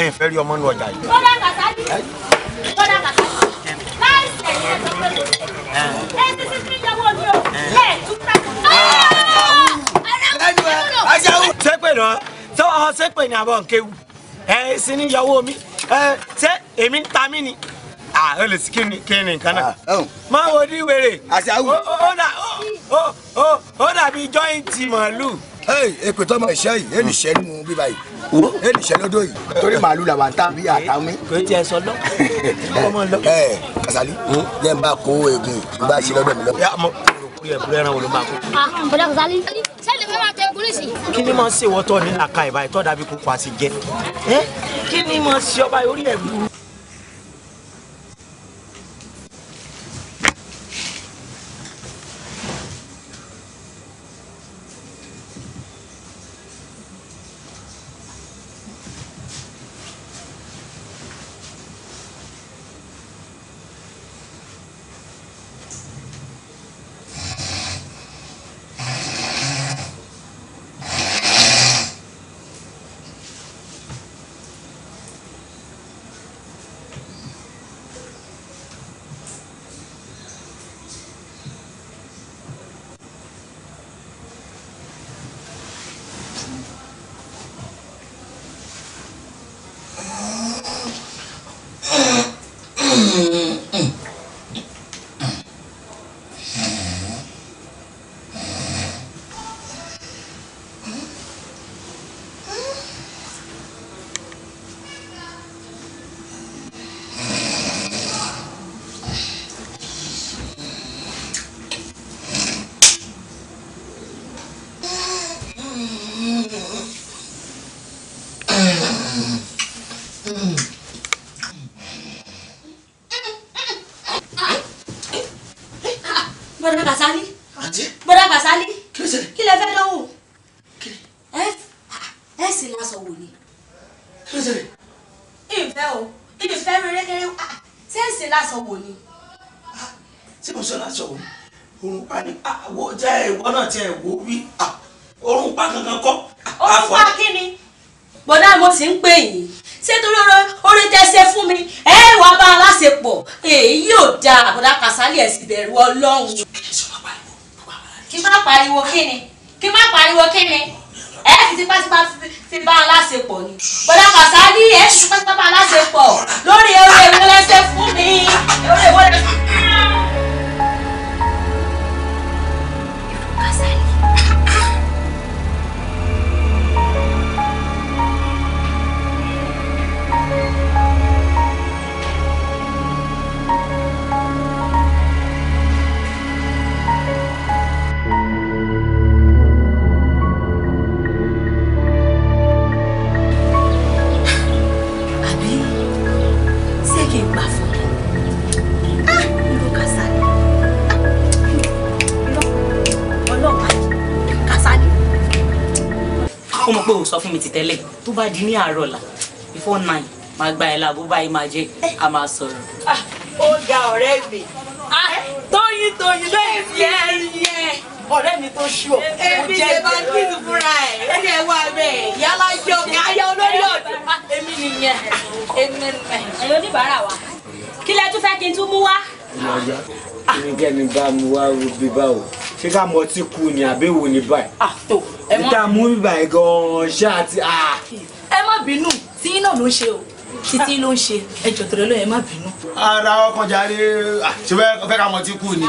ẹ̀ ń fẹ́ rí ọmọ nù ọjà yìí. bọ́dà kàṣájú bọ́dà kàṣájú láìsẹ̀ yẹn tó pé mo ẹ ti ti fi mi o ẹ tún tàkùn. sẹ́pẹ̀ náà sọ ọ sẹ́pẹ̀ ní abọ́ nkéwu ẹ sì ní ìyàwó mi ẹ sẹ́ èmi ń ta mí ni ah o lè sí kíni kíni nǹkan náà má wo ní wèrè ó dàbí jọ́ìntì màálù. èpè tọmọ ìṣe yìí èlì ìṣe nínú bíbá yìí èlì ìṣe lọ́dọ̀ yìí torí màálù làwọn tá bí àtàwọn mi. kò tiẹ̀ sọ lọ ọmọ lọ. ẹ Kasali jẹ́ n bá kó egun n bá ṣe lọ́dọ̀ mi lọ. Ah, ah, bọ̀dá Kasali sẹ́ni mi máa tẹ polisi. kí ni máa ń ṣèwọ́tọ̀ ní làkà ìbáyìí tọ́ dàbí kókó àti jẹ kí ni máa ń ṣe ọba orí ẹ̀ burú. Yes, sì bẹ̀rù ọlọ́run. kí má pariwo kí ni kí má pariwo kí ni ẹ fi tipátipá fi bá wọn láṣepọ̀ ni bọ́dá Kàsálí ẹ fi tipátipá bá wọn láṣepọ̀ lórí ewé ìwọlẹ́sẹ̀ fún mi ewé ìwọlẹ́sẹ̀ fún mi. mi ti tẹ́lẹ̀ tó bá di ní àárọ̀ la before nine máa gba ẹ̀ láàbò báyìí máa jẹ́ a máa sọ̀rọ̀. Ah, ó ga ọ̀rẹ́ mi tóyin tóyin lóyún fi ẹ̀rí yẹn ọ̀rẹ́ mi tó ṣú ọ̀. èmi ṣe bá ń kíkù fúnra ẹ̀ ẹni ẹ̀ wá rẹ̀ yálà jọ káyọ̀ lórí ọ̀dọ̀. Ah, èmi nìyẹn ah, èmi nìyẹn. ẹ̀yin oníbàárà wa kí lẹ tún fẹ́ kí n tún mú wá. kí ni kẹ́ni bá mu wá rú bí báwo ṣé ká mọtí kú ni àbẹ́wò ní báyìí níta mú bíbà ẹ̀ gan-an ṣá àti. ẹ má bínú tí iná ló ń ṣe o títí ló ń ṣe ẹjọ́ tẹ̀lé lóye má bínú. ara ọkàn jáde ṣe fẹ́ ká mọ tí kú ni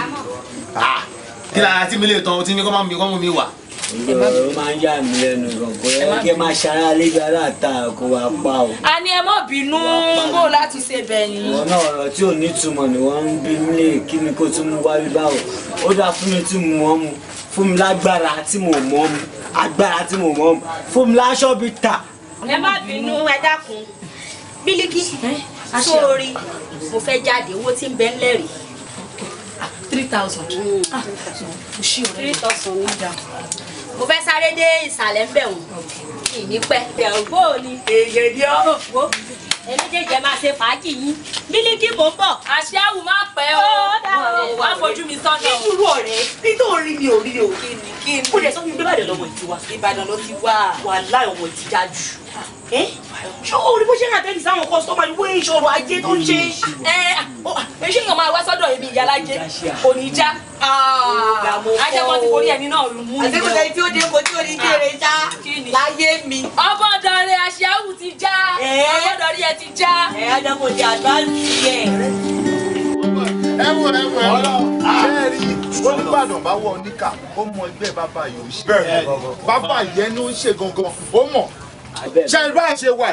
kí ni àti mi lè tán ọtí ní kọ́ mọ́ mi wà ó máa ń yà mí lẹ́nu gbọ̀ngàn ẹ kí ẹ máa ṣara lébi aláàtà kó wa pa o. a ní ẹ má bínú bó láti ṣe bẹ̀yìn. ìwọ náà ọ̀rọ̀ tí ò ní túmọ̀ ni wọ́n ń bí nílé kí ni kó tún mú wá bí báwo ó dáa fún mi tún mú wọn mu fún mi lágbára tí mo mọ̀ mu agbára tí mo mọ̀ mu fún mi láṣọ bí ta. ẹ má bínú ẹ dákun bílíkì sórí mo fẹ́ jáde owó tí ń bẹ lẹ́rìí three thousand. Mm. Ah, three thousand ní ìdá. mo fẹ́ sáré dé ìsàlẹ̀ ń bẹ̀ wọ̀n kì í ní pẹ́. ìyàwó ni èyí ni ọ́. Oh, èmi jẹjẹ máa ṣe fàájì yín Miliki bò ń bọ̀. àṣẹ àwù máa pẹ́ o wá fojú mi sọ́nà. kí irú ọ̀rẹ́ kí tó rí mi ò rí o kí ni kí ni. kó lè sọ fún mi pé Ìbàdàn lọmọ ìtiwa. Ìbàdàn ló ti wá wàhálà ọmọ ìtìjà jù. Eh? ṣé o rí bó ṣe ń àtẹ́ǹdì sáwọn kọ́sítọ́mà ìwé ìṣòro ajé tó ń ṣe eh, ah, ẹ ṣé èèyàn máa wá sọ́dọ̀ ibi ìyálàjẹ kò ní já ah, ajẹ́ kan ti borí ẹni náà mú mi. àtẹ́kùn sẹ́ni tí ó dé kò tí ò ní jèrè já ah, láyé mi. ọbọ̀dọ̀rẹ́ àṣẹ́wù ti já eh? ọbọ̀dọ̀rẹ́ ẹ ti já. ẹ ajá kò di àgbá tiẹ̀. ẹ wò ẹ wò ẹ wò ṣé ẹ rí i olùbàdàn bá wọ oníkà ó mọ ẹgbẹ́ bàbá yìí ó ṣe bàbá yẹn ló ń ṣe gangan ó mọ̀ ṣe ẹ báyìí ṣe wà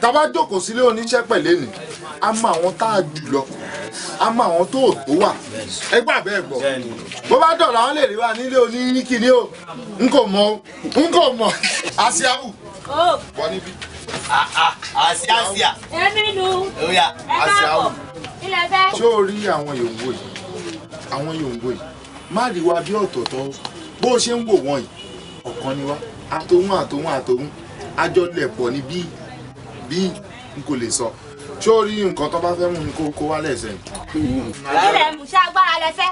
tàbá jókòó sílé oníṣẹ́ pẹ̀lẹ́ ni a mọ àwọn tá a jù lọ a mọ àwọn tó ò tó wà ẹ gbà bẹ́ẹ̀ gbọ́ bó bá dọ̀rọ̀ àwọn lè rí wa nílé oníkíní o n kò mọ o n kò mọ àṣìáwù wọ níbí. àṣìáṣìá ẹ̀mí nu ẹ̀ káàbọ̀ ilẹ̀ fẹ́. ṣé o rí àwọn yòówó yìí má rí wa bí ọ̀tọ̀ọ̀tọ̀ bó ṣe ń wò wọ́n yìí ọ̀kan ni wá àtòhún àtòhún àtòhún àjọlẹ̀pọ̀ ni bí bí n kò lè sọ ṣó rí nǹkan tó bá fẹ́ mú ni kó wá lẹ́sẹ̀. ilẹ̀ musa agbára lẹ fẹ́.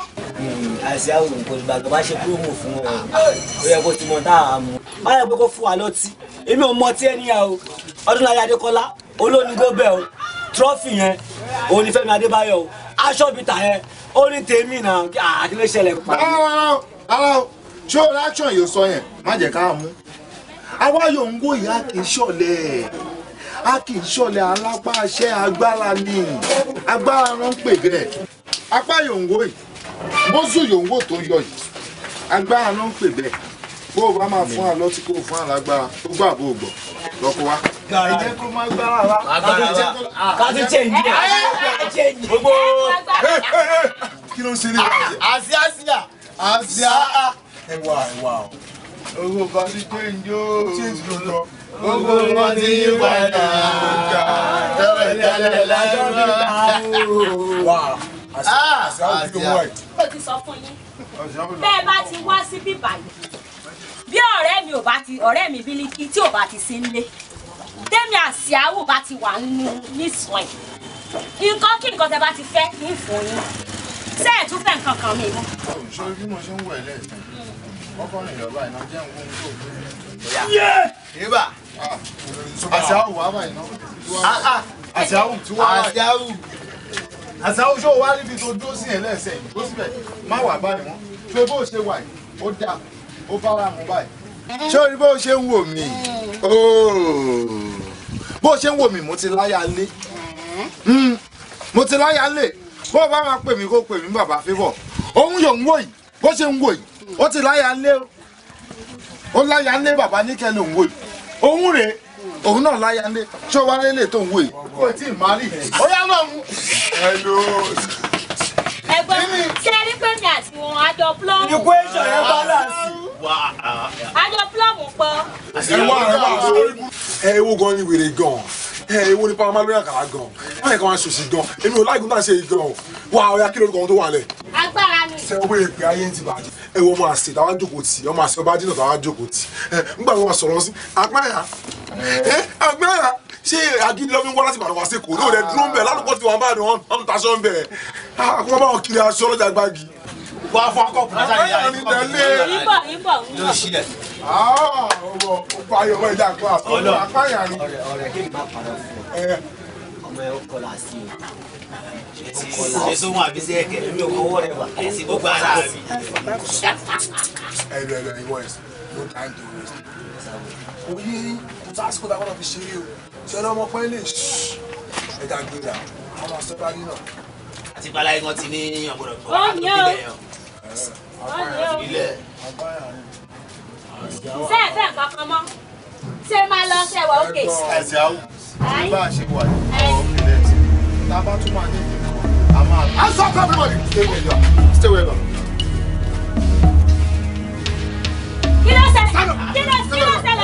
àìsí àwọn olùkọ́lùbà ló bá ṣe promo fún ọ ó yẹ kó ti mọ tá a mú. má yẹ pé kó fún wa lọ́tí èmi ò mọ tí ẹ níyà o Ọdúnládé Adékọ́lá olóni gómẹ̀ o trọ́fì yẹn òun ni Fẹ́mi Adébáyọ̀ o aṣọ bìtà yẹn ó ní tèmi náà àti lè ṣẹlẹ̀ pa. ara o ṣé o sọ yẹn má jẹ́ ká mú àwáyọ̀ ń wòye a kì í ṣọ̀lẹ̀ a kì í ṣọ̀lẹ̀ alápáṣẹ agbára ni agbára rán pè gẹ̀ apá yòǹwò yìí bóṣù yòǹwò tó yọ yìí agbára rán pè bẹ́ẹ̀ bó o bá máa fún àlọ́ tí kò fún àlágbára tó gbà bó o gbọ̀ lọ́kọ wa. Gàdé kó má gbára wa. Agbára wa. Kàdé chẹ́ǹjì. Chẹ́ǹjì. Gbogbo. Kí ló ń ṣe ní ìwádìí? Àsíá ah, síyà. Àsíá. Ẹ̀wà ẹ̀wà o owó kan ti change o gbogbo wọn ti yí padà tẹ́lẹ̀tẹ́lẹ̀ lánàá. ó ti sọ fún yín bẹ́ ẹ bá ti wá síbí báyìí bí ọ̀rẹ́ mi ò bá ti ọ̀rẹ́ mi Bílíkì tí ò bá ti sí nílé tẹ́mi àṣìáwò bá ti wà nínú nísàn ẹ̀ nǹkan kí nǹkan tẹ́ bá ti fẹ́ ní ìfún yín ṣé ẹ̀ tún fẹ́ nǹkan kan mi. ṣé oh, bí mo ṣe ń wọ ẹ ọkọrin tí wọ́n wà níbi tó dúró sí yẹn lẹ́sẹ̀ yìí ó síbẹ̀ má wà gbá ni wọ́n bó ṣe wà yìí ó dáa ó bá wà báyìí. ṣé orí bó ṣe ń wò mí bó ṣe ń wò mí mo ti láyà lé mo ti láyà lé bó bá máa pè mí kó pè mí bàbá fífọ òun yóò ń wò yìí bó ṣe ń wò yìí ó ti láyà ńlé o ó láyà ńlé bàbá níkẹ́ ló ń wò yìí òun rèé òun náà láyà ńlé ṣé o wá lélẹ̀ tó ń wò yìí kò tí ì má rí ó yá náà mú. ẹ̀gbọ́n mi ṣe rí pé mi àti wọn àjọ plọ́ọ̀mù. ikú èso yẹn bálànsì. àjọ plọ́ọ̀mù pọ̀. ẹ wá ẹ ẹ wo gan ni wèrè gan ẹ eh, ewo ni pàmò máa lórí àkàrà gan wọn yẹ kí wọn sòsì gan èmi ò láìgùn náà ṣe gan o wà á ọyà kí lórúkọ wọn tó wà lẹ. agbára ni. ṣe owó èpè ayé ti bàjẹ́ ẹ wo ọmọ àṣẹ táwọn jókòó tì ọmọ àṣẹ ọba dínà táwọn jókòó tì ẹ eh, nígbà wọn sọ̀rọ̀ sí agbára ẹ eh. agbára ṣé agídí lọ́mí wọ́n láti bàdàn wá sí kò lóòrè dúró ń bẹ̀ lálùkọ́ ti wà ń bàdàn ọ̀n taṣọ́ ń bẹ̀ àkọ́kọ́ ah, bá wọn kiri aṣọ ọlọ́jà gbági wà á fún akọ́pù náà sáyé yára ìbọn ìbọn ìbọn yóò sílẹ̀. ọwọ́ ọkọ ayọwọ ìjà kọ àpò apáyà ni. ọ̀rẹ́ ọ̀rẹ́ kí ni má padà fún ọ ọmọ ẹ kọ là sí o. èso wọn àbí sí ẹkẹ mi ò kọwọ rẹ wà èsì gbogbo ara mi. ẹ lọ ẹ lọ ìwọ ẹsẹ no time to waste. oyè kò tá àsìkò táwọn náà fi ṣeré o ṣẹlẹ ọmọ pẹ́ẹ́lẹ̀ ẹ̀dá gbéra ọmọ sọ́dọ̀ nínú àti pàlà ẹ̀gàn ti ní ọ̀gbọ̀dọ̀ gbọ́ àtúntò ilẹ̀ ọ̀ ilẹ̀. ṣé ẹ fẹ́ nǹkan kan mọ́ máa lọ ṣe wà ókè. ẹ̀sìn bá ṣe wà ní ọ̀gbìn tá a bá tún máa ní ìdìbò a máa. I stop everybody stay where you stay where you kí ló ṣẹlẹ̀ kí ló ṣẹlẹ̀.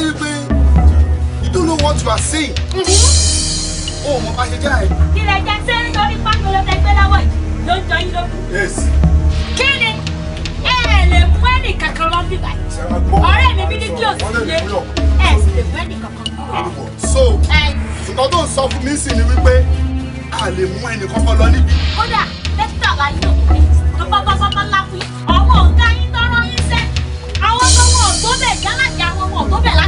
rí i pé you don't know what you are saying. o mọ bá ṣe já ẹ. kí lè jẹ ṣé nítorí pàtó ló fẹ́ gbé lọ́wọ́ yìí ló ń jọ yín lókun. kí ni ẹ lè mú ẹnì kankan lọ bí báyìí. ọ̀rẹ́ mi bí ní kí o sì lé ẹ sì lè mú ah, so nǹkan tó ń sọ fún mi sì ni wípé a come mú ẹnì kankan lọ níbí. kódà dókítà wa yóò kú mi tó bá bá bá bá lápò yìí ọwọ́ ọ̀gá yín tọrọ yín sẹ́ àwọn ọmọ ọ̀gbọ́n bẹ̀ gálàjà àwọn ọmọ ọ̀gbọ́n bẹ̀ lá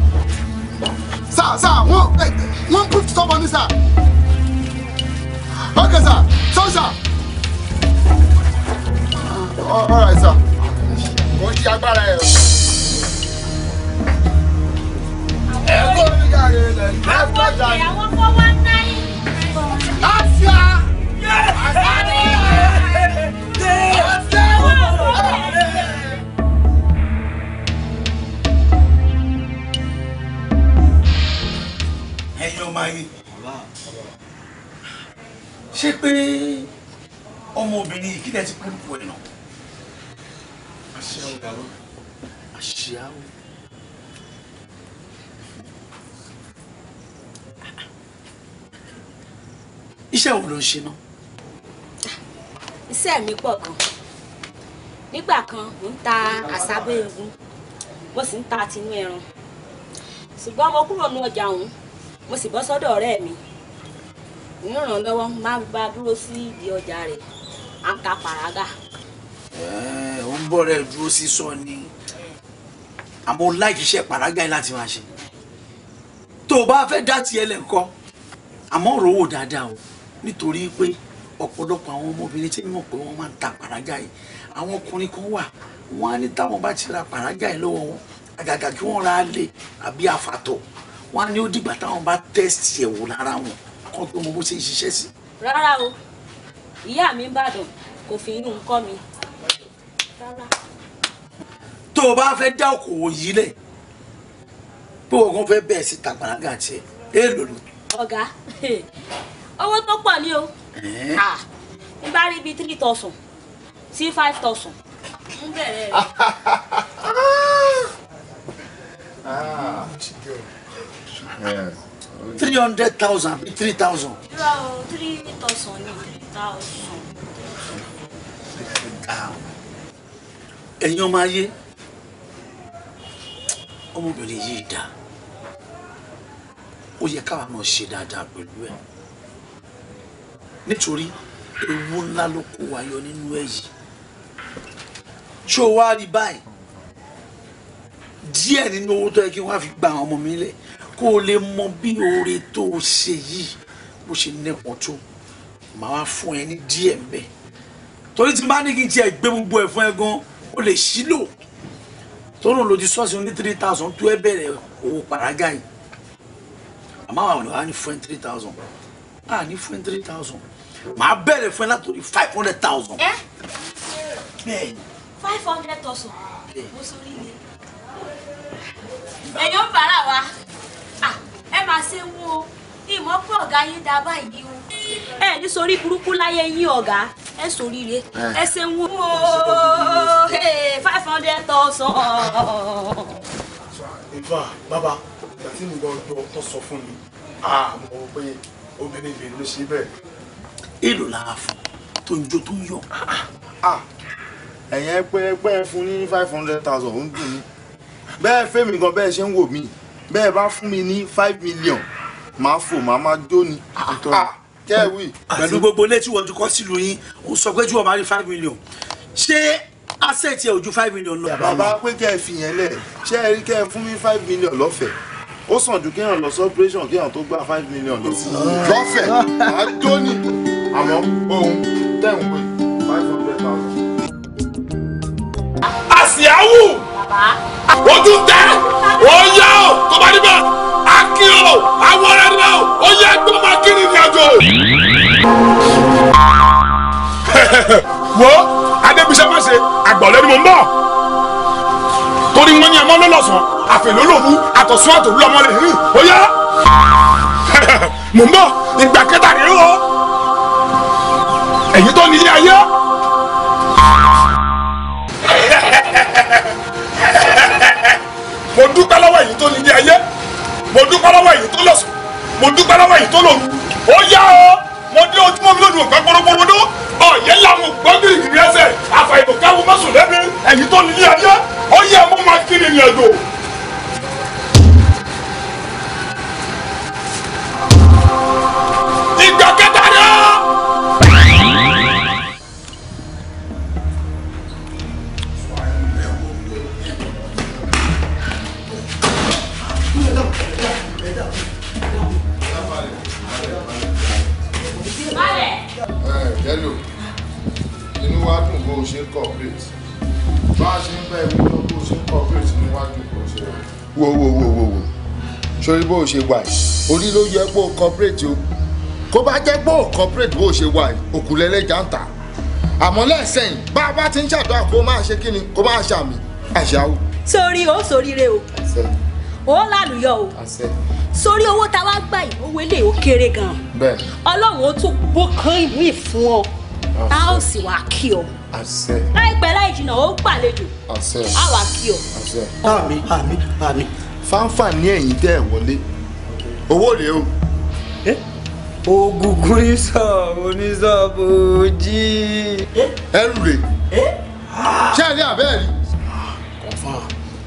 sir sir wọ́n wọ́n put stop on this sir okay sir so sir uh, all right sir kò ń ṣe agbára ẹ̀. ẹ kó mi jáde lẹ ẹ kó jáde. àwọn kò wá náírà. láṣìá. yẹ́ẹ̀ àṣà ni. ọ̀sẹ̀ wọ̀ ọ̀sẹ̀. ẹ̀yin ọmọ ayé ṣé pé ọmọbìnrin ìkílẹ̀ ti kúrúkú ẹ̀ náà. aṣááwó bàbá aṣááwó. iṣẹ́ wo ló ń ṣe náà. iṣẹ́ mi pọ̀ gan nígbà kan mo ń ta àsábọ̀ eegun mo sì ń ta tinú ẹran ṣùgbọ́n mo kúrò ní ọjà ọ̀hún mo sì bọ́ sọ́dọ̀ ọ̀rẹ́ mi ń ràn lọ́wọ́ máa ń bá dúró sí ibi ọjà rẹ̀ à ń ta pàrágà. ó ń bọ̀ rẹ̀ dúró sí sọ ni àmọ́ láìkí iṣẹ́ pàrágà yìí láti máa ṣe tó o bá fẹ́ dá tiẹ̀ lẹ̀ ńkọ́ àmọ́ ọ̀rọ̀ wò dáadáa o nítorí pé ọ̀pọ̀lọpọ̀ àwọn ọmọbìnrin tí mọ̀ pé wọ́n máa ń ta pàrágà yìí àwọn ọkùnrin kan wà wọ́n á ní táwọn bá ti ra pàrágà yìí lọ́wọ́ wọn àgàgà kí wọ́n ra á àbí àfàtọ̀ wọ́n á ní ó dìgbà táwọn bá tẹ́sítì ẹ̀ wò lára wọn kó tó mọ bó ṣe ń sí. rárá o ìyá mi ń bàdàn kò fi inú kọ́ mi tó o bá fẹ́ dá òkòwò yìí lẹ̀ bó o kàn fẹ́ bẹ̀ẹ̀ sí tàgbàràgà tiẹ̀ èèlò lò. ọ̀gá owó tó pọ̀ ní o ah, n bá rí bíi three thousand sí five thousand ń bẹ̀rẹ̀ rẹ̀. Ah, three hundred thousand three thousand. irọ́ o three thousand three thousand. ẹ̀yin ọmọ ayé ọmọbìnrin yìí dáa ó yẹ káwa náà ṣe dáadáa pẹ̀lú ẹ̀ nítorí ewu ńlá ló kó wa yọ nínú ẹ̀ yìí ṣó wá rí báyìí díẹ̀ nínú owó tó yẹ kí wọ́n fi gba àwọn ọmọ mi lẹ̀ kó o lè mọ bí oore tó o ṣe yìí bó ṣe nípọn tó màá wá fún ẹ ní díẹ̀ ń bẹ̀ torí tí n bá ní kí n tiẹ̀ gbé gbogbo ẹ̀ fún ẹ gan o lè ṣílò tóró lòdì sọ́ọ̀sì ní three thousand tó ẹ bẹ̀rẹ̀ owó pàrágà yìí àmọ́ àwọn ọ̀nà ní fún ẹ three thousand a ní fún ẹ three thousand màá bẹ̀rẹ̀ fún ẹ látòrí five hundred thousand. ẹ bẹ́ẹ̀ five hundred thousand mo sọ rí ni ẹ̀yọ́ bàrà wa máa ṣe wọ́n o ìmọ̀ ọ̀gá yín dá báyìí o. ẹ ní sórí burúkú láyé yín ọ̀gá ẹ sóríire ẹ ṣe ń wọ́n. five hundred thousand. ìfà bàbá ìgbà tí mo gbọ́ ọjọ́ tó sọ fún mi mo pé obìnrin ìbèrè ló ṣe bẹ́ẹ̀. èlò làá fún tó ń jó tó ń yọ ẹ̀yẹn pé pé fún ní five hundred thousand ó ń dùn mí bẹ́ẹ̀ fẹ́mi gan bẹ́ẹ̀ ṣe ń wò mí bẹ́ẹ̀ bá fún mi ní five million máa fò máa máa jó ni kẹ́wì. Ah, ah. pẹ̀lú gbogbo létí wọn ti kọ́ sílùú yín ó sọ pé jù ọ̀ máa rí five million ṣé asset yẹ ojú five million lọ. bàbá pé kẹ́ ẹ fi yẹn lẹ̀ ṣé ẹ rí kẹ́ ẹ fún mi five million lọ́fẹ̀ẹ́ ó sàn ju kéèyàn lọ sí operation kéèyàn tó gba five million lọ lọ́fẹ̀ẹ́ àjọ ni àmọ́ ohun tẹ̀wọ̀n pé five hundred thousand. àṣìáwù ojú tẹ oyá o tó bá níbẹ̀ akí o awọrẹ rẹ o oyá ẹgbẹ́ máa kiri ní àjò. wo adébísẹ́ má ṣe àgbọ̀lẹ́ ni mo ń bọ̀ torí wọ́n ní ẹmọ́ lọ́lọ́sàn àfẹ̀lólòmù àtọ̀sùn àtòlúlọ́mọ́lẹ̀ rìn oyá mò ń bọ̀ ìgbà kẹta rèé o èyí tó ní ilé ayé. mo dúpẹ́ lọ́wọ́ ẹ̀yin tó nílé ayé mo dúpẹ́ lọ́wọ́ ẹ̀yin tó lọ̀sùn mo dúpẹ́ lọ́wọ́ ẹ̀yin tó lòru ó yá o mo dé ojúmọ́ mi lónìí òpẹ́ gbọ́dọ́gbọ́dọ́ ọ̀yẹ́ làwọn gbọ́dọ̀ ìrìn ẹsẹ̀ àfàìbò káwọn mọ́sùn lẹ́bi ẹ̀yin tó nílé ayé ó yẹ mo máa kiri ìrìn àjò ìgbà k bó ṣe ń cooperate bá a ṣe ń bá ẹ̀mí lọ bó ṣe ń cooperate níwájú kò ṣe. wo wo wo wo sori bó o ṣe wà yìí orí ló yẹ kó o cooperate o kó bá jẹ́ pé o cooperate bó o ṣe wà yìí òkùnlẹ́lẹ́jà ń tà àmọ́ lẹ́sẹ̀yìn bá a bá ti ń ṣàdúrà kó máa ṣe kíni kó máa ṣàmì àṣàwò. sórí o sóríire o o lálùyọ o sórí owó tá a wá gbà yìí owó ilé ò kéré gan-an ọlọ́run ó tún bókan mí fún ọ a ó sì wá kí ọ àṣẹ. láìpẹ́ láì jìnnà ó gbàlejò. àṣẹ àwa kí o. àṣẹ. àmì àmì àmì. fáńfà ní ẹ̀yìn tẹ́ ẹ̀ wọlé owó rèé o. Eh? ogungun oníṣọ́ oníṣọ́ bòójì. Eh? ẹrù rè eh? ṣé ẹ ní abẹ́ẹ̀ rí. kọ̀ǹfà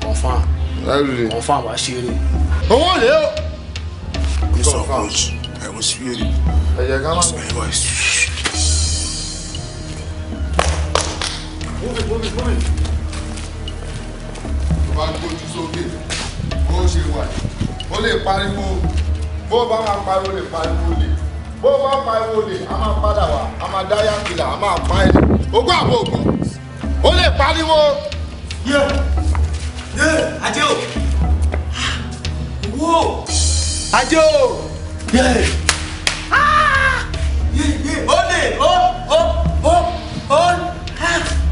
kọ̀ǹfà ẹrù rè kọ̀ǹfà wàá ṣe rè. owó rèé o. oníṣọ́ bòójì I was fearing. ẹ̀jẹ̀ ká má lọ. tó bá gbójú sókè bó ṣe wà ó lè pariwo bó bá máa pariwo lè pariwo lè bó bá pariwo lè a máa padà wá a máa dá yàkìlà a máa pa ẹ̀ ogún àbò ògùn ó lè pariwo. yé yé ajé o wo ajé o yé ah! yé yé ó lè ó ó ó ó. Ah!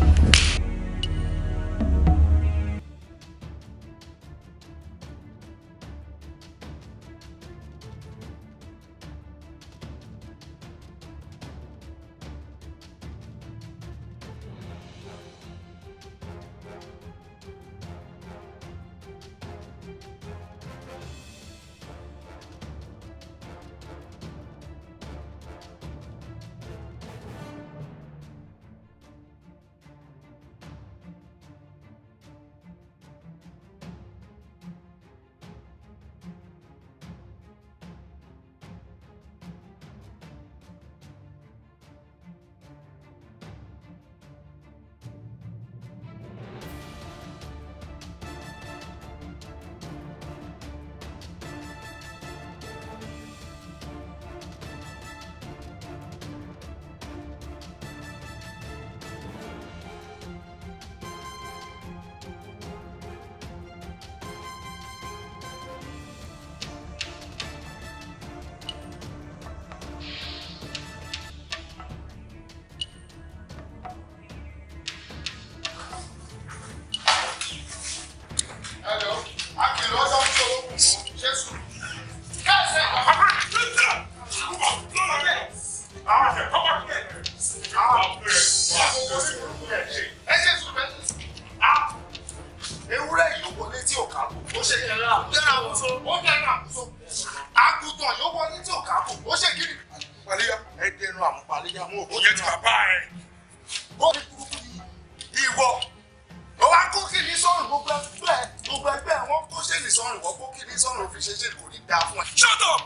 fún shut up.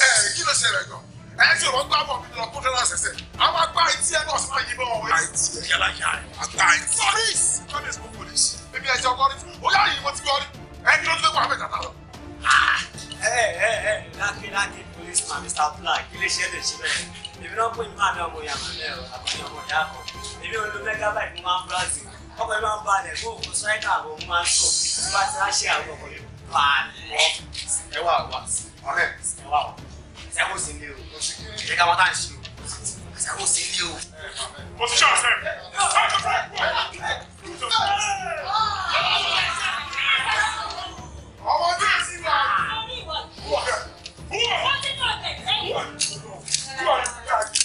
ẹ ẹ kí ló ṣe rẹ gan ẹ fi ọ̀rọ̀ gbá bọ̀ mi lọ kó dáná ṣẹṣẹ a máa gbá etí ẹ náà sí máa yìnbọn ọ̀hún. àìtí ẹ yàrá yà ẹ àgbà ẹ. police police mo police ebi ẹjọ kọ ní o yà yìí mo ti kọ ní ẹ kí ló tún fẹ́ wà bẹ́ẹ̀ tàtà lọ. Ah! ẹ ẹ ẹ lákì lákì police man Mr. Black ilé iṣẹ́ lè ṣe bẹ́ẹ̀ èmi náà pè mí àmì ọmọ ìyàmọ̀ lẹ́rọ àbọ̀yìn ọmọ ìyá kan èmi ò lo megabyte mo máa ń brazil ọkọ̀ mi máa ń balẹ̀ fún òkú sọ́ẹ́kà àbọ̀ mo máa ń sọ bí wọ́n ti ránṣẹ́ àwọn ọkọ̀ yìí balẹ̀ ẹ wà wá ọ̀rẹ́ ẹ wà ọ ẹ kò sí ilé o ẹ ká wọn tá à ń ṣe o ẹ kò sí ilé o. position ọsẹ. ọmọ bí èsì wà. wọ́n ti tọ̀ ọ̀tẹ̀ lẹ́yìn.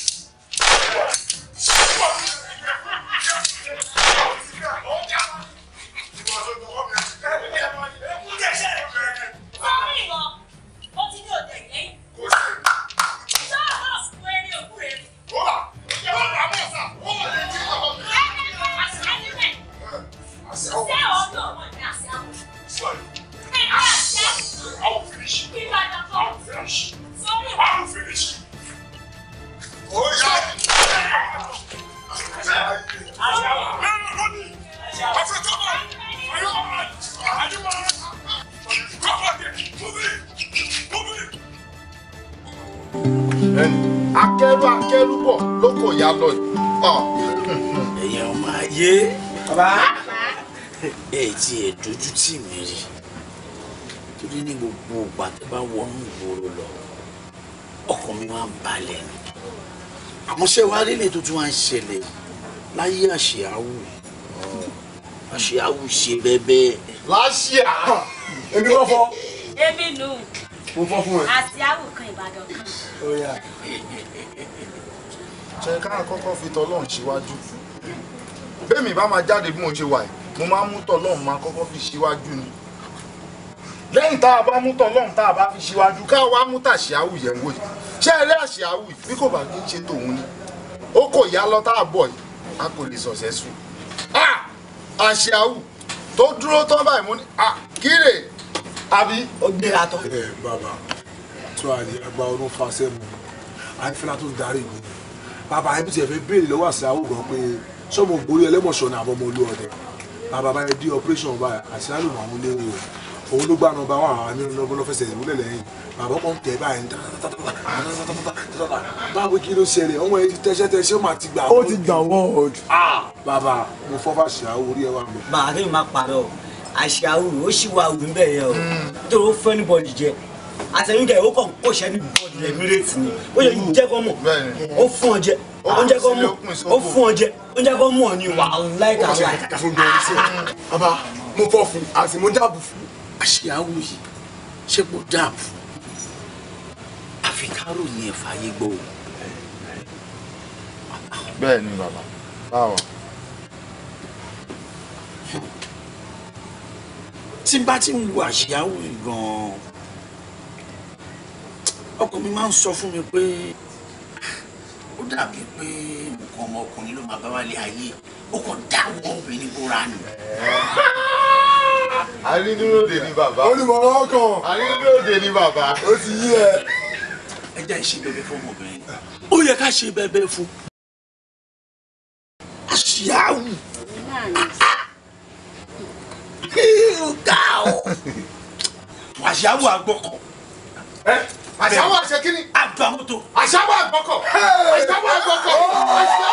bàbá ẹ ti ẹ dojú tì mí rí torí ní gbogbo ìgbà tó bá wọnú ìgboro lọ ọkàn mi máa ń balẹ̀ ni àmọ́ ṣé wàá rí lè tuntun wá ń ṣẹlẹ̀ láyé àṣìáwù àṣìáwù ṣe bẹ́ẹ̀ láṣìá èmi kò fọ. èmi nù. mo fọ fún ẹ. àṣìáwù kan ìbàdàn kan. ṣe ká àkọ́kọ́ fi tọ́lọ́run síwájú fún bẹ́ẹ̀mi bá máa jáde bí mo ṣe wà yìí mo máa ń mú tọ́lọ́run máa kọ́kọ́ fi síwájú ni lẹ́yìn tá a bá mú tọ́lọ́run tá a bá fi síwájú ká wá mú tàṣíáwù yẹn wò yìí ṣé ẹ rí àṣíáwù yìí bí kò bá kí n ṣe tòun ni ó kò yá lọ tá a bọ̀ yìí a kò lè sọ̀sẹ̀ sùn àṣíáwù tó dúró tán báyìí mo ní kíre àbí ọgbẹ́ra tán. ẹ bàbá tó àlè àgbà ọdún fàṣẹ mu àyẹ̀fẹ́lá fẹ́ sọmọ orí ẹlẹ́mọ̀ṣọ́ ni àbọ̀mọ olú ọdẹ bàbá bá yẹ dí operation bá àṣìláàlù àwọn olérò o òun ló gbà nọ́mbà wọn àwọn àmì ọlọ́gbọ́n lọ́fẹsẹ̀ ìwúlẹ̀ lẹ́yìn bàbá kan tẹ̀ báyìí báwo kí ló ṣẹlẹ̀ ọmọ yẹn tẹ́ṣẹ́ tẹ́ṣẹ́ ó máa ti gbà. ó ti gbà wọ́n bàbá mo fọ́ bá orí ẹ wà mí. bàbá mi máa parọ́ àṣà òru ó ṣì wà òun bẹ́ẹ̀ yẹn o hmm. nítorí ó fẹ́ níbọ̀ jíjẹ àtẹnudẹ ó kọ kó ṣẹbi bọọdù rẹ mírètì ni ó yẹ jẹ kó mọ ó fún ọ jẹ ó jẹ kó mọ ó fún ọ jẹ ó jẹ kó mọ ni wà láìka láìka. bàbá mo fọ fún àti mo dáàbò fún àṣeyàwó yìí ṣé mo dáàbò fún ni ẹ̀fà yé gbọ́ o. bẹ́ẹ̀ ni bàbá báwo. tí bá ti ń wo àṣeyàwó yìí gan-an ọkọ mi máa ń sọ fún mi pé ó dàbí pé nǹkan ọmọkùnrin ló máa bá wálé ayé ó kàn dá wọn obìnrin bóra nù. àrídúróde ni bàbá olùmọ̀ràn kan àrídúróde ni bàbá ó ti yí ẹ. ẹ jẹ́ ìṣe bẹ̀bẹ̀ fún ọmọbìnrin ó yẹ ká ṣe bẹ̀bẹ̀ fún aṣíáwù ó ga ọ aṣíáwù àgbọ̀kọ̀ àṣàwọ̀ àṣekínní. àgbàmọ́tò. àṣàwọ̀ àgbọ̀kọ̀. àṣàwọ̀ àgbọ̀kọ̀. àṣàwọ̀ àgbọ̀kọ̀.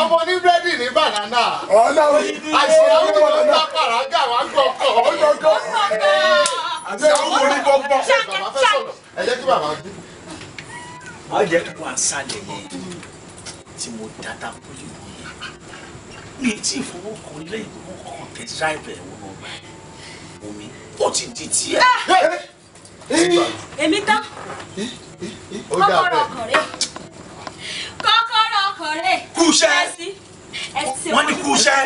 ọmọ ní búrẹ́dì ní banana. àṣàwọ̀ ọ̀dọ́ àpàràgà wà gbọ̀kọ̀. àṣàwọ̀ orí gbọ̀gbọ̀. ẹ jẹ́ kí bàbá bí. wọ́n jẹ́ kó àṣàlẹ̀ yẹn tí mo dáadáa kó lè wọ̀nyí mi ì tí ì fowó kan lẹ́yìn kí tíráìbù ẹ̀ wọ́n omi ó ti di tiẹ̀. Ah! Eh! èmi tán eh! Eh! kọ́kọ́rọ́ ọkàn kọ́kọ́rọ́ ọkàn kúṣẹ́ wọ́n ní kúṣẹ́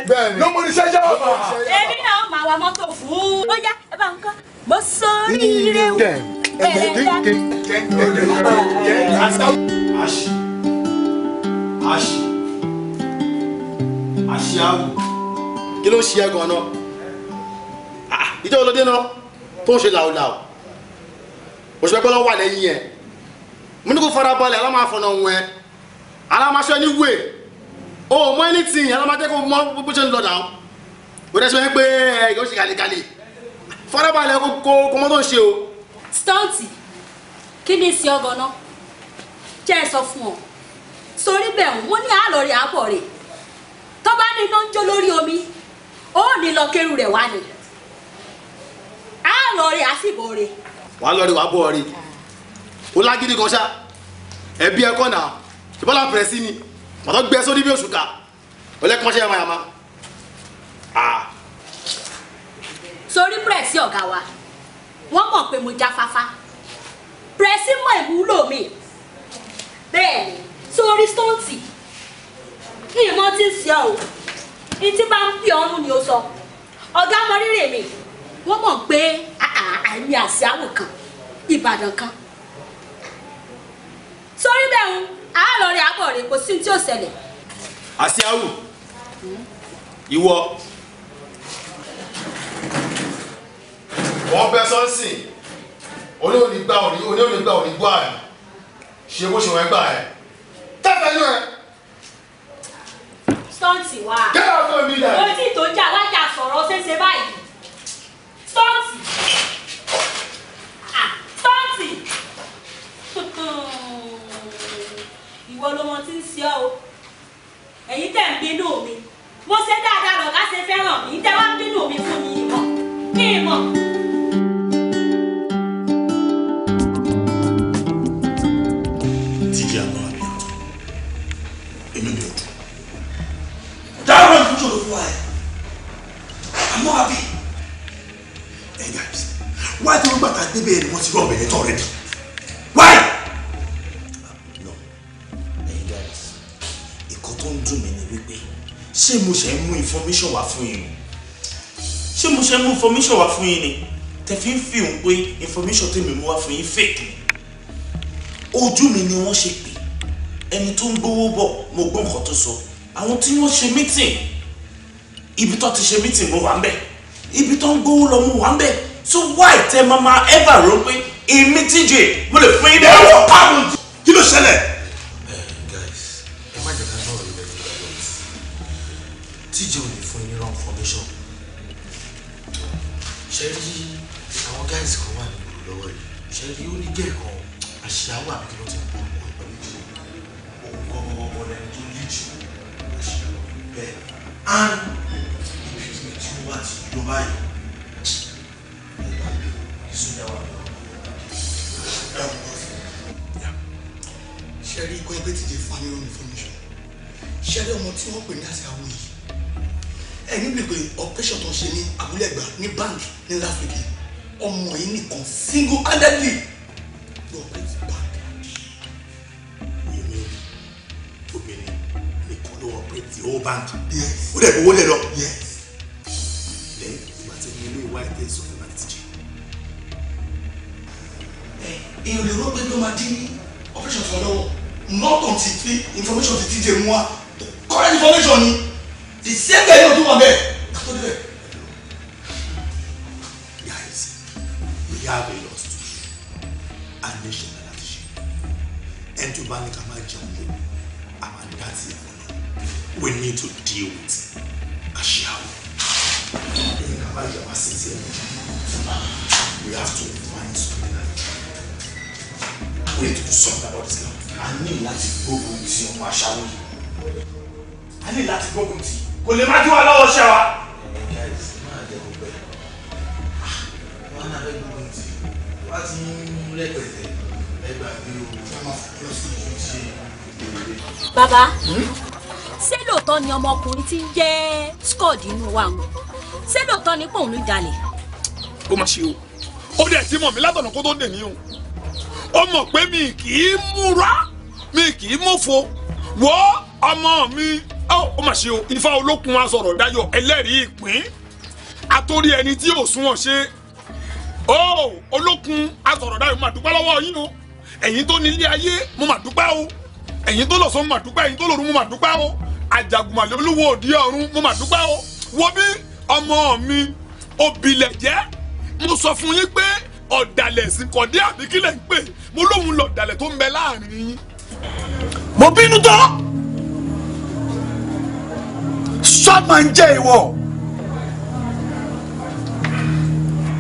ló mú iṣẹ́ jẹ́ èmi náà máa wa mọ́tò fún ó yá ẹ bá ń kọ́ mo sóríire wò ẹ̀rẹ̀dá. àṣì àṣì àṣì àwò kí ló ń ṣe ẹgàn náà ah, ìjọ olóde náà tó ń ṣe làwùlàwù òṣèlú ẹgbẹ́ lọ́wọ́ wà lẹ́yìn ẹ̀ mo ní kó òun ẹ̀ alámàṣẹ́ ní o mọ ẹni tì yín alámàjẹ́ kó mọ bó ṣe ń lọ dàn ó dẹ́ sọ yẹn pé ẹ̀yìn ṣe kàlíkàlí fara kó kó mọ́ tó ń ṣe o. stunty kí ni ìsìn ọgàn náà jẹ́ ẹ sọ fún ọ sórí bẹ́ẹ̀ wọ́n ní àlọ́ rẹ̀ àbọ̀ rẹ̀ tó bá ní iná ń jó lórí omi ó ní lọ kérú rẹ̀ wá ni á lọ rẹ̀ á sì bọ̀ rẹ̀. wàá lọ rẹ̀ wàá bọ̀ rẹ̀ ó lágídí kan ṣá ẹbí ẹkọ náà ìbọ́lá bẹ̀rẹ̀ sí ni màtọ́ gbé sórí bí oṣù ká ọlẹ́kùn ṣe yàmà yàmà. sórí pírẹ̀sì ọ̀gá wa wọ́n mọ̀ pé mo jáfáfá pírẹ̀sì mọ̀ ìwúlò mi bẹ́ẹ̀ ni sórí stóǹtì ìmọ̀ ti ń ṣe ọ́ ní tí bá ń pè ọ́nú ni ó sọ ọ̀gá mọ rírì mi wọ́n mọ̀ pé àmì àṣìáwò kan ìbàdàn kan sórí bẹ́ẹ̀ ń àálọ́rẹ̀ àbọ̀ rẹ̀ kò sí tí ò ṣẹlẹ̀. àṣìáwò ìwọ wọ́n bẹ sọ́nsìn oníhòòhò gbà òní oníhòòhò gbà òní gbọ́ àrùn ṣe bó ṣe wọ́n gbà ẹ̀ tẹ́fẹ̀ẹ́ náà stunts wà. kẹ́lá tó mi dà. lójú tó jẹ́ alájà sọ̀rọ̀ ṣẹṣẹ báyìí stunts ah, stunts ìwọ ló mọ tí ń ṣe o ẹ̀yin tẹ̀ ń bínú mi mo ṣe dáadáa lọ́gá ṣe fẹ́ràn mi tẹ́ ń bínú mi fún mi ìmọ̀ mi ìmọ̀. information wá fún yín ṣé mo ṣe mú information wá fún yín ni tẹ fi ń fi hàn pé information tèmi mú wá fún yín fake ni ojú mi ni wọ́n ṣe pè ẹni tó ń gbowó bọ̀ mo gbọ́ nǹkan tó sọ àwọn tí wọ́n ṣe meeting ibi tó ti ṣe meeting mo wà ń bẹ̀ ibi tó ń gbowó lọ mo wà ń bẹ̀ so why tẹ mama ever rò pé èmi tíjẹ mo lè fún yín ní àwọn pàrọ̀ kí ló ṣẹlẹ̀. ọmọkùnrin tí ń jẹ́ Scott inú wa wọn ṣé lóòótọ́ ni pé òun ló jalè. ó mà ṣe o ó dẹ̀ ti mọ̀ mí látọ̀nà kó tó dè mí o ó mọ̀ pé mi kì í múra mi kì í mọ̀fo wọ́ ọmọ mi ó mà ṣe o ifá olókun wa sọ̀rọ̀ dájọ́ ẹlẹ́rìí ìpín àtòrí ẹni tí ò sunwọ̀n ṣe ó olókun asọ̀rọ̀ dájọ́ mà dúpẹ́ lọ́wọ́ yín o ẹ̀yin tó nílé ayé mo mà dúpẹ́ o ẹ̀yin tó lọ sọ mo mà dúpẹ́ ẹ̀yin tó lòrú mo mà dúpẹ́ o àjàgùnmàlẹ̀ olúwo òdi ọ̀run mo mà dúpẹ́ o wo bí ọmọ mi obìlẹ̀ jẹ́ mo sọ fún yín pé ọ̀dàlẹ̀ sìnkọ̀dé àbí kílẹ̀ ń pè mo lóun lọ ọ̀dàlẹ̀ tó ń bẹ láàrin yín. mo bínú tán sọ́ọ̀mà ń jẹ́ ìwọ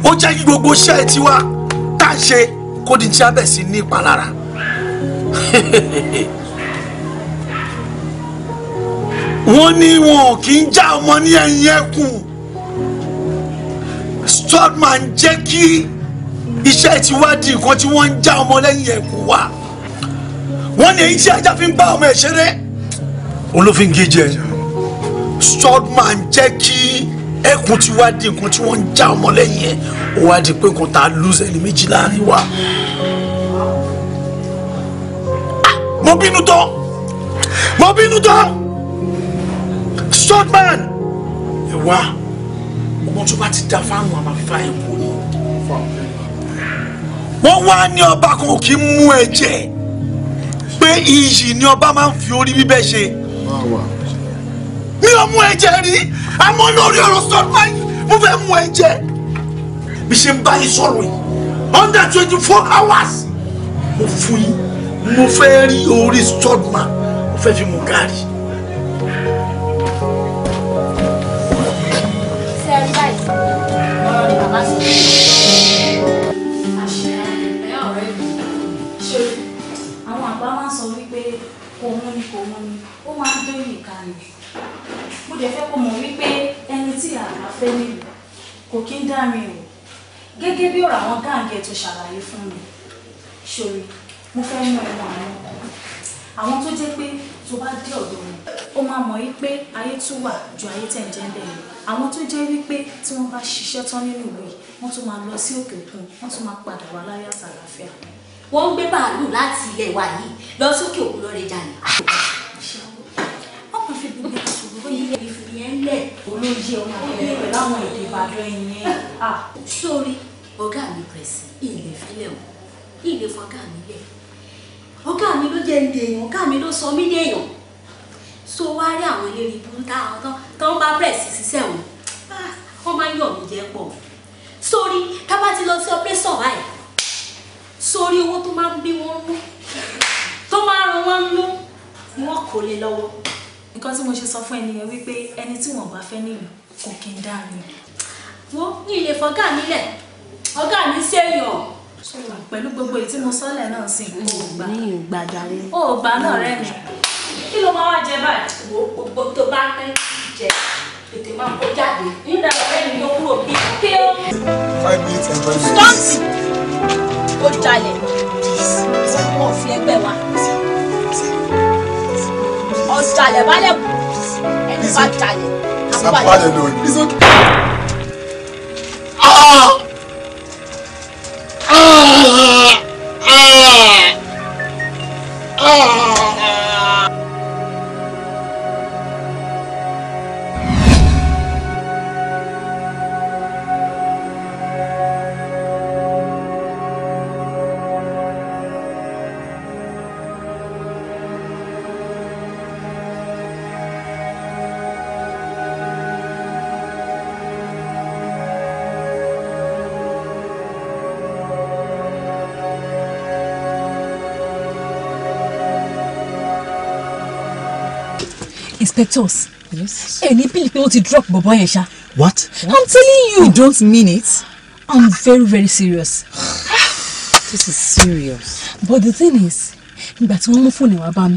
ó jẹ́ kí gbogbo iṣẹ́ tiwa tá a ṣe kó di tí sí ní ìpalára. wọ́n ní wọn ò kí ń já ọmọ ní ẹ̀yìn ẹkùn stuntman jẹ́ kí iṣẹ́ ìtìwádìí nǹkan tí wọ́n ń já ọmọ lẹ́yìn ẹkùn wá wọ́n ní èyí tí ajá fi ń bá ọmọ ẹ̀ ṣeré olófin gíjẹ stuntman jẹ́ kí ẹkùn ti wá di nǹkan tí wọ́n ń já ọmọ lẹ́yìn ẹ̀ ó wá di pé kò tá a lose ẹni méjì láàrin wa ah, mo bínú tán mo bínú tán short man ẹ wá ọgbọ́n tó bá ti da fáwọn àmàfà ẹ̀ wò ni. wọ́n wá ní ọba kan ò kí ń mú ẹ̀jẹ̀ pé iyì ni ọba máa ń fi orí bíbẹ́ ṣe mi ò mú ẹ̀jẹ̀ rí àmọ́ lórí ọ̀rọ̀ short man mo fẹ́ mú ẹ̀jẹ̀ bí ṣe ń bá yín sọ̀rọ̀ yìí under twenty four hours mo fún yín mo fẹ́ rí orí short man mo fẹ́ fi mú gáàrí. mo dẹ̀ fẹ́ kó mọ̀ wípé ẹni tí àgbà fẹ́ nílùú kò kí ń dárin o gẹ́gẹ́ bí ọ̀rọ̀ àwọn gáǹgẹ̀ tó ṣàlàyé fún mi ṣòrí mo fẹ́ mú ẹnu àwọn ọkọ̀ àwọn tó jẹ́ pé tó bá dé ọ̀dọ̀ wọn ó máa mọ̀ yí pé ayé tún wà ju ayé tẹ̀ ń jẹ́ ń bẹ̀ lọ àwọn tó jẹ́ wípé tí wọ́n bá ṣiṣẹ́ tán nínú ìlú yìí wọ́n tún máa lọ sí òkè òkun wọ́n tún máa padà wá láyé àtàlàfíà. wọ́n ń gbé bàálù láti ilẹ̀ wa yìí lọ sókè òkun lọ́rẹ̀ jalè. wọ́n kàn fi gbogbo bóyá ìfì yẹn lẹ̀ olóyè ọmọ ìbílẹ̀ pẹ̀lú àwọn èdè ìbàdàn ẹ̀yìn ẹ̀. sórí ọ̀gá mi pẹ̀sì ilé filẹ̀ o ilé fọ̀gá mi lẹ̀ ọ̀gá mi ló jẹ́ ndè èèyàn ọ̀gá mi ló sọ mí dé èèyàn so wá rí àwọn eléré ibú táwọn tó ń bá pẹ̀sì ṣiṣẹ́ wọn wọ́n máa ń yọ̀ mí jẹ́ pọ̀ sórí tá bá ti lọ sí ọpẹ́sọ̀ báyìí sórí owó tó máa ń bí wọn mú tó máa ń ran wọn mú wọn kò lè lọ́wọ́ nǹkan tí mo ṣe sọ fún ẹnìyẹn wípé ẹni tí wọn bá fẹ́ nílùú kò kí n dá mi. wo ní ilé fọgá mi lẹ ọgá mi ṣèyàn. pẹ̀lú gbogbo èyí tí mo sọ́lẹ̀ náà sì ń gbà. mi ò gbà jàre. o ò gbà náà rẹ mi. kí ló máa wá jẹ báyìí. wo gbogbo tó bá ń rẹ́ jẹ tètè máa kó jáde. nígbà ọ̀rẹ́ mi ló kúrò bí kí ó. five minutes and five minutes. stọ́ọ̀tì ó jalè. wọ́n fi ẹgbẹ́ wa ọ̀ṣàlẹ̀ balẹ̀ ẹni bá jalè àbúbalẹ̀ lónìí. inspectors. Yes. Any people to drop Bobo Yesha. What? I'm telling you. You don't mean it. I'm very, very serious. This is serious. But the thing is, nígbà tí wọ́n mú fóònù wá bá mi,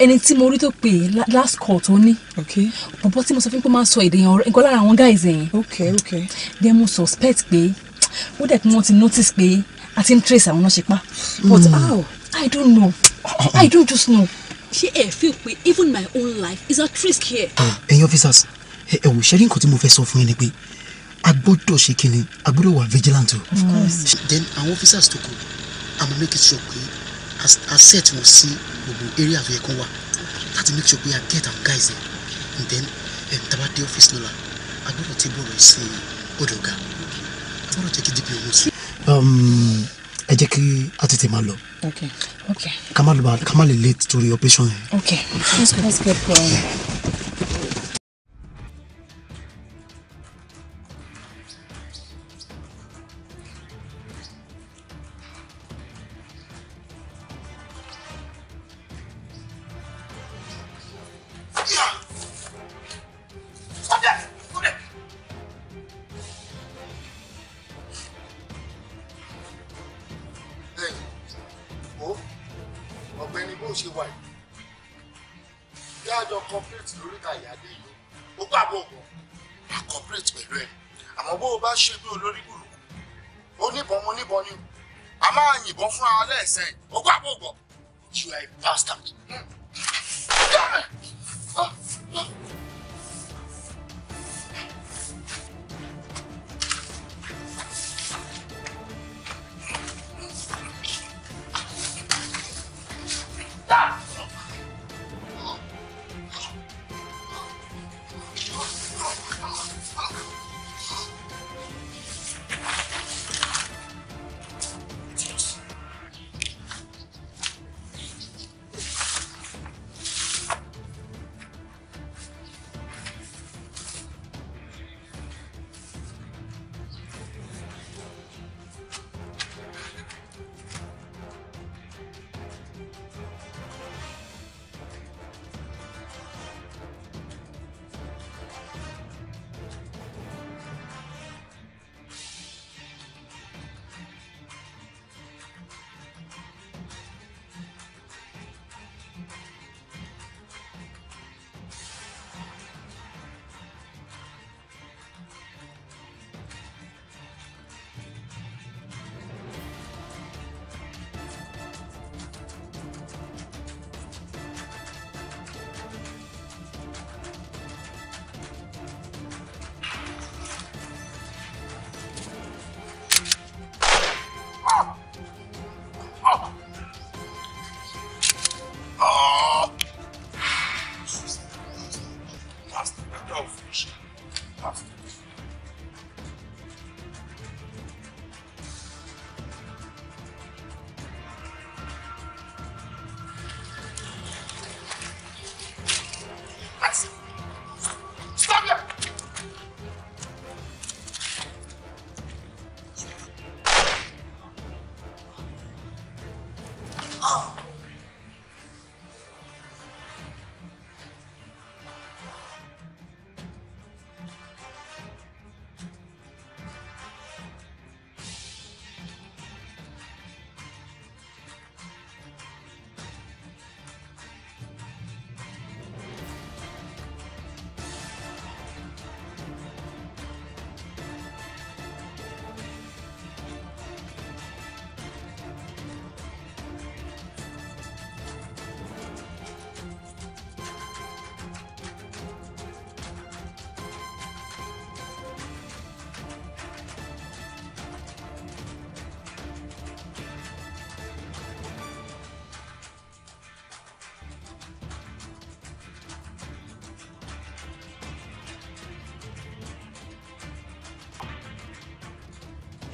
ẹni tí mo rí last call tó Okay. Bọ̀bọ̀ tí mo sọ fún pé máa ń they are yẹn nǹkan lára àwọn guys Okay, okay. They mo suspect pé ó dẹ̀ pé wọ́n ti notice pé I think ń trace àwọn náà ṣe pa. But hmm. how? I don't know. I don't just know ṣé ẹ fi pé even my own life is at risk here. ẹ̀yin ah, eh, officers eh, eh, ẹ wò ṣẹ́rí nǹkan tí mo fẹ́ sọ fún yín ni pé a gbọ́dọ̀ ṣe kí a gbọ́dọ̀ wà vigilant o. of course. then àwọn officers tó kù a máa make sure pé a set wọn sí gbogbo area tó yẹ kán wà láti make sure pé a get our guys there and then taba dé office lọ́la a gbọ́dọ̀ tẹ́ bọ̀rọ̀ sí ọ̀dọ̀ ọ̀gá a gbọ́dọ̀ jẹ́ kí dp ọ̀hún sí. Um, ẹ jẹ́ kí a tètè máa lọ ká má lè late torí operation yẹn. okay let's go let's get going.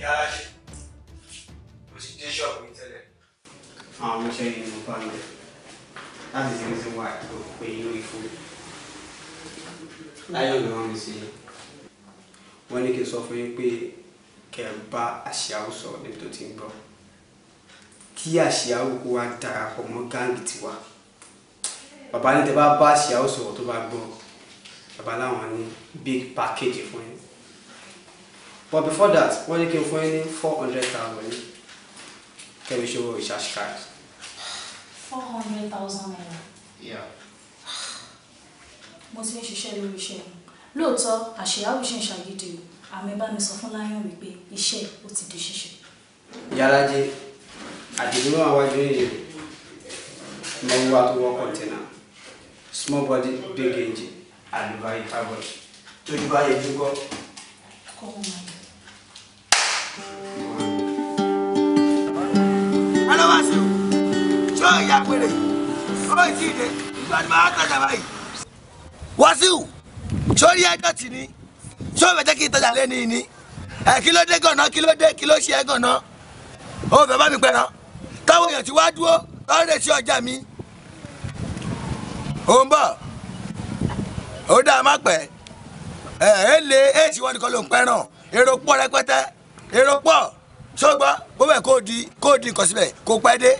gáràjì mo ti dé ṣọ́ọ̀bù mi tẹ́lẹ̀. àwọn ọmọ iṣẹ́ yìí ló bá lọ láti ṣe ṣe wà tó pé lórí fún láyọ̀ ni wọ́n mi sí wọ́n ní kí n sọ fún yín pé kẹ́ ẹ bá àṣìáwò sọ níbi tó ti ń bọ̀ kí àṣìáwò kó wa darapọ̀ mọ́ gáǹgì tiwa bàbá ní tẹ bá bá àṣìáwò sọ̀rọ̀ tó bá gbọ́ bàbá láwọn ní big package fún yín but before that wọ́n you kí n fún yín ní four hundred thousand yìí kẹ́mi ṣe owó recharge card. four hundred thousand naira. yeah. mo ti ń ṣiṣẹ́ lórí iṣẹ́ mi lóòótọ́ àṣeyáwó ṣe ń I'm o to bá mi sọ fún láyọ̀ wípé iṣẹ́ share. ti di ṣíṣe. Ìyálájé àdìgún náà wájú yìí mo wá tó wọ́n kọ̀ǹtẹ́nà small body big engine àlùbáyé fáwọn. tójú bá yẹ dúkọ́. ya péré ó ì tí ì dé ìgbà tí màá tajà báyìí. Wàsíù sórí ẹjọ́ tì ní sórí ìfẹ́ jẹ́ kí n tajà lẹ́nu yìí ní ẹ̀ kí ló dé gànà kí ló dé kí ló ṣe é gànà ó fẹ́ bá mi pẹ̀ràn táwọn èèyàn ti wá dúró lọ́ọ́ retí ọjà mi ò ń bọ̀ ó dáa má pẹ́ ẹ̀ ẹ́ lé èsì wọn nìkan ló ń pẹ́ràn èrò pọ̀ rẹpẹtẹ èrò pọ̀ sọgbà bó bẹ kó di kó di nǹkan síbẹ̀ kó pẹ́ dé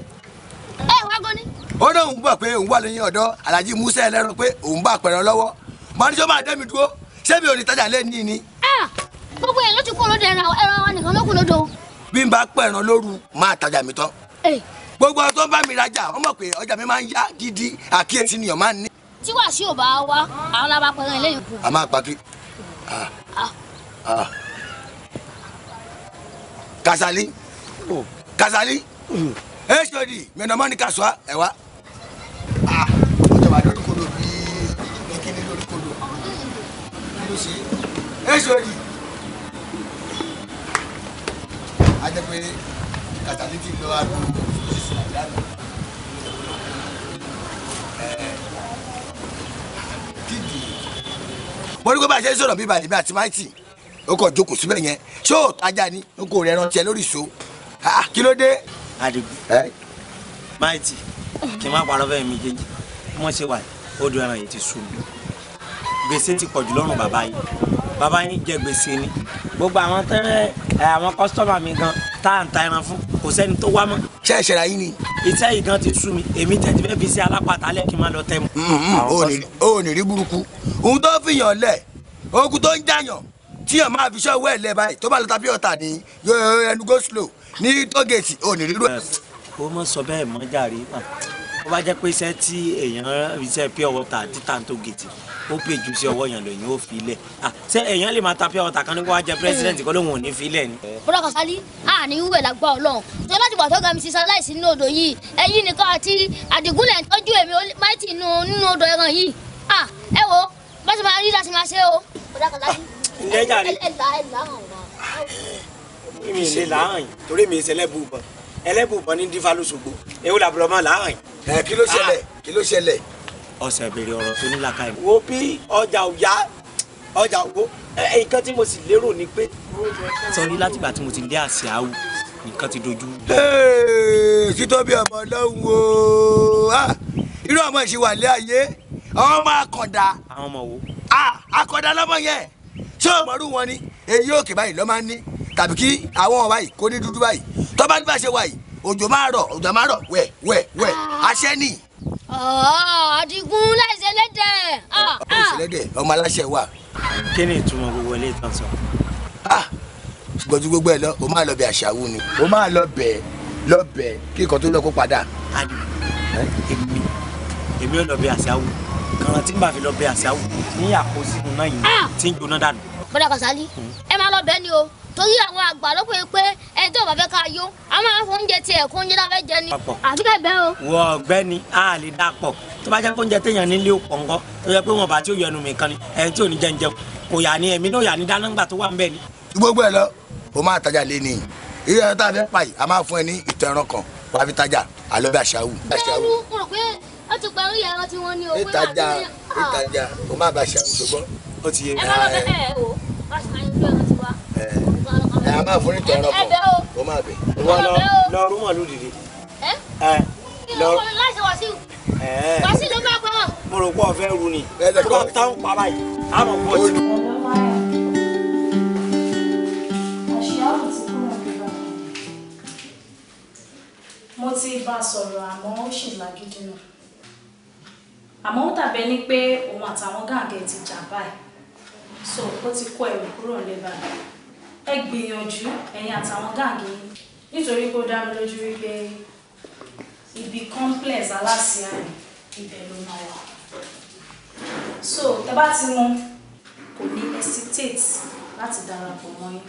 ó náà òun gbà pé òun wà lóyún ọ̀dọ́ alhaji musa ẹlẹ́ran pé òun bá pẹ̀rọ lọ́wọ́ mọ́nísọ́ máa dẹ́mi dúró ṣé mi ò ní tajà lẹ́ni ni. Ah, gbogbo ẹ̀ ló ti kó lóde ẹran ẹran wa nìkan ló kù lódo. bí n bá pẹ̀ràn lóru máa tajà mi tán. Eh. gbogbo ọtọ́ bá mi rajà wọ́n mọ̀ pé ọjà mi máa ń yá gidi àkíyèsí nìyọ̀ máa ń ní. tí wàá sí ò bá wa àwọn la bá pẹ̀ràn ilé yìí kù. a máa pàkí. Ah. Ah. Kasali oh. Kasali. Mm. Hey, Shodi, mẹnamọ ni kasuwa ẹ wa. Ah, ọjọba lórí kodo bíi ìkíni lórí kodo kí ló ṣe é sórí ajẹpẹ kàtàlítì lọ àdó sísun àdánù kíndì. mo rí pé bá a ṣe ń sọ̀rọ̀ bíbá èmi àti máìtì ó kọ̀ jókòó síbẹ̀ yẹn ṣé ò ni n kò rẹ̀ ẹran tiẹ̀ lórí ìṣó ah, kí ló dé. adigun máìtì kí n má parọ́ fẹ́ mi jẹjẹ bí wọ́n ṣe wà odò ẹran yìí ti sú mi gbèsè ti pọ̀jù lọ́rùn bàbá yìí bàbá yìí jẹ gbèsè ni gbogbo àwọn tẹ́rẹ́ àwọn kọ́sítọ́mà mi gan tá à ń ta ẹran fún kò sẹ́ni tó wá mọ́. ṣé ẹ̀ṣẹ̀ ra yín ni. iṣẹ́ yìí gan ti sú mi èmi tẹ̀sí fẹ́ fi ṣe alápàtà lẹ́ kí n má lọ tẹ́ mu. Mm-hmm. o ò ní rí burúkú ohun tó fi yàn lẹ̀ ogun tó ń jàyàn tíyàn máa fi ṣọ́ owó ẹ̀ lẹ́ báyìí tó bá lọ ta bí ọ̀tà ni yóò ẹnu go slow ní tógèètì o ò ní rí rú ẹ̀ kó mọ̀ sọ bẹ́ẹ̀ mọ́ jàre ó bá jẹ́ pé iṣẹ́ tí èèyàn iṣẹ́ pure water títà tó gètè ó pè ju sí ọwọ́ èèyàn lòyìn ó fi ilẹ̀ ṣé èèyàn lè máa ta pure water kan ní kó wá jẹ president kó lóun ò ní fi ilẹ̀ ni. bọ́dà Kasali a ní wúwẹ̀ lágbá ọlọ́run tó láti gbà tó ga mi sí sáláìsì nínú odò yìí ẹ̀yìn nìkan àti àdìgúnlẹ̀ ń tọ́jú èmi máìtì nínú odò ẹran yìí ẹ wo bá ti máa rí láti máa ṣe o. bọ́dà Kasali ẹ ẹ là ẹ là hàn wá. mi ì ẹlẹ́bùbọn ní dífá lóṣogbo èwo làbúrò máa láàrin. ẹ kí ló ṣẹlẹ̀ ah. kí ló ṣẹlẹ̀. ọ̀sẹ̀ béèrè ọ̀rọ̀ tó ní làkà yìí. wo bí ọjà òyà ọjà ògbó nǹkan tí mo sì lérò ni pé. sọ ní látìgbà tí mo ti dé àṣẹ àwù nǹkan ti dojú. títóbi ọmọ ọlọ́run o ah, irú ọmọ ìṣìwàlẹ̀ ayé ọmọ akọ̀dà. àwọn ọmọ wo. Ah, akọ̀dà lọ́mọ yẹn ṣé ọmọ rú wọn ni eré òkè báyìí lọ́ máa ń ní tàbí kí àwọn ọ̀wá yìí kó ní dúdú báyìí tó bá ní bá ṣe wà yìí òjò máa rọ̀ òjò máa rọ̀ wẹ̀ wẹ̀ wẹ̀ aṣẹ́ nì. Àdìgún láìsẹ lẹ́dẹ̀. Ah, láìsẹ ah. lẹ́dẹ̀ ọmọ aláṣẹ wà. kí ni ìtumọ̀ gbogbo ilé ìtàn sọ. Ah, gbọ̀dú gbogbo ẹ̀ lọ o máa lọ bẹ àṣàwù ni o máa lọ bẹ lọ bẹ kí nǹkan tó lọ kó padà. èmi èmi ò lọ bẹ àṣàwù kan tí ẹ máa lọ bẹ́ẹ̀ ni o torí àwọn àgbà ló é pé ẹni tí ò bá fẹ́ ká yó a máa fọ oúnjẹ tiẹ̀ kó oúnjẹ láfẹ́ jẹ ni àfi bẹ́ẹ̀ bẹ́ẹ̀ o. wọ ọ̀gbẹ́ni a lè dà pọ̀ tó bá jẹ́ pé oúnjẹ téèyàn nílé ò pọ̀ ńkọ́ tó yẹ pé wọn bá tí ò yẹnu mi kan ni ẹni tí ò ní jẹun jẹun kò yà ni ẹ̀mí náà yà ni dáná ńgbà tó wà ń bẹ̀ ni. gbogbo ẹ lọ o máa tajà lé ní ilé ẹran tá a fẹ́ pa yìí a máa fún ẹ ní ìtọ̀ ẹran kan wàá fi tajà àlọ́ bí aṣáwù. bẹ́ẹ̀ ni mo rò pé ó ti parí ẹran o má bàa ṣàwùjọ gbọ́. ó o wá sí ẹ a máa fún ìtọ̀ ẹran kan kó máa bẹ̀. ìwọ lọ lọ rúmọ̀ lódìdí. ẹ lọ láti wàásù wàásù ló máa gbọ́. mo rò pé ọ̀fẹ́ ru ni tó tán pa báyìí a mọ̀ pọ̀ jù. mo ti bá a sọ̀rọ̀ àmọ́ ó ṣì lágídí náà àmọ́ ó dàbẹ́ ni pé òun àtàwọn gàǹgẹ̀ ti jà báyìí so ó ti kó ẹrù kúrò lẹ́bàá ẹ gbìyànjú ẹ̀yin àtàwọn gáàgì yín nítorí pé ó dá mi lójú wípé ibi complex aláṣẹ àrùn ibẹ̀ ló máa wà so tẹ bá ti mú kò ní hesitate láti darapọ̀ mọ́ yín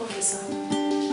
ó fẹ́ sáré.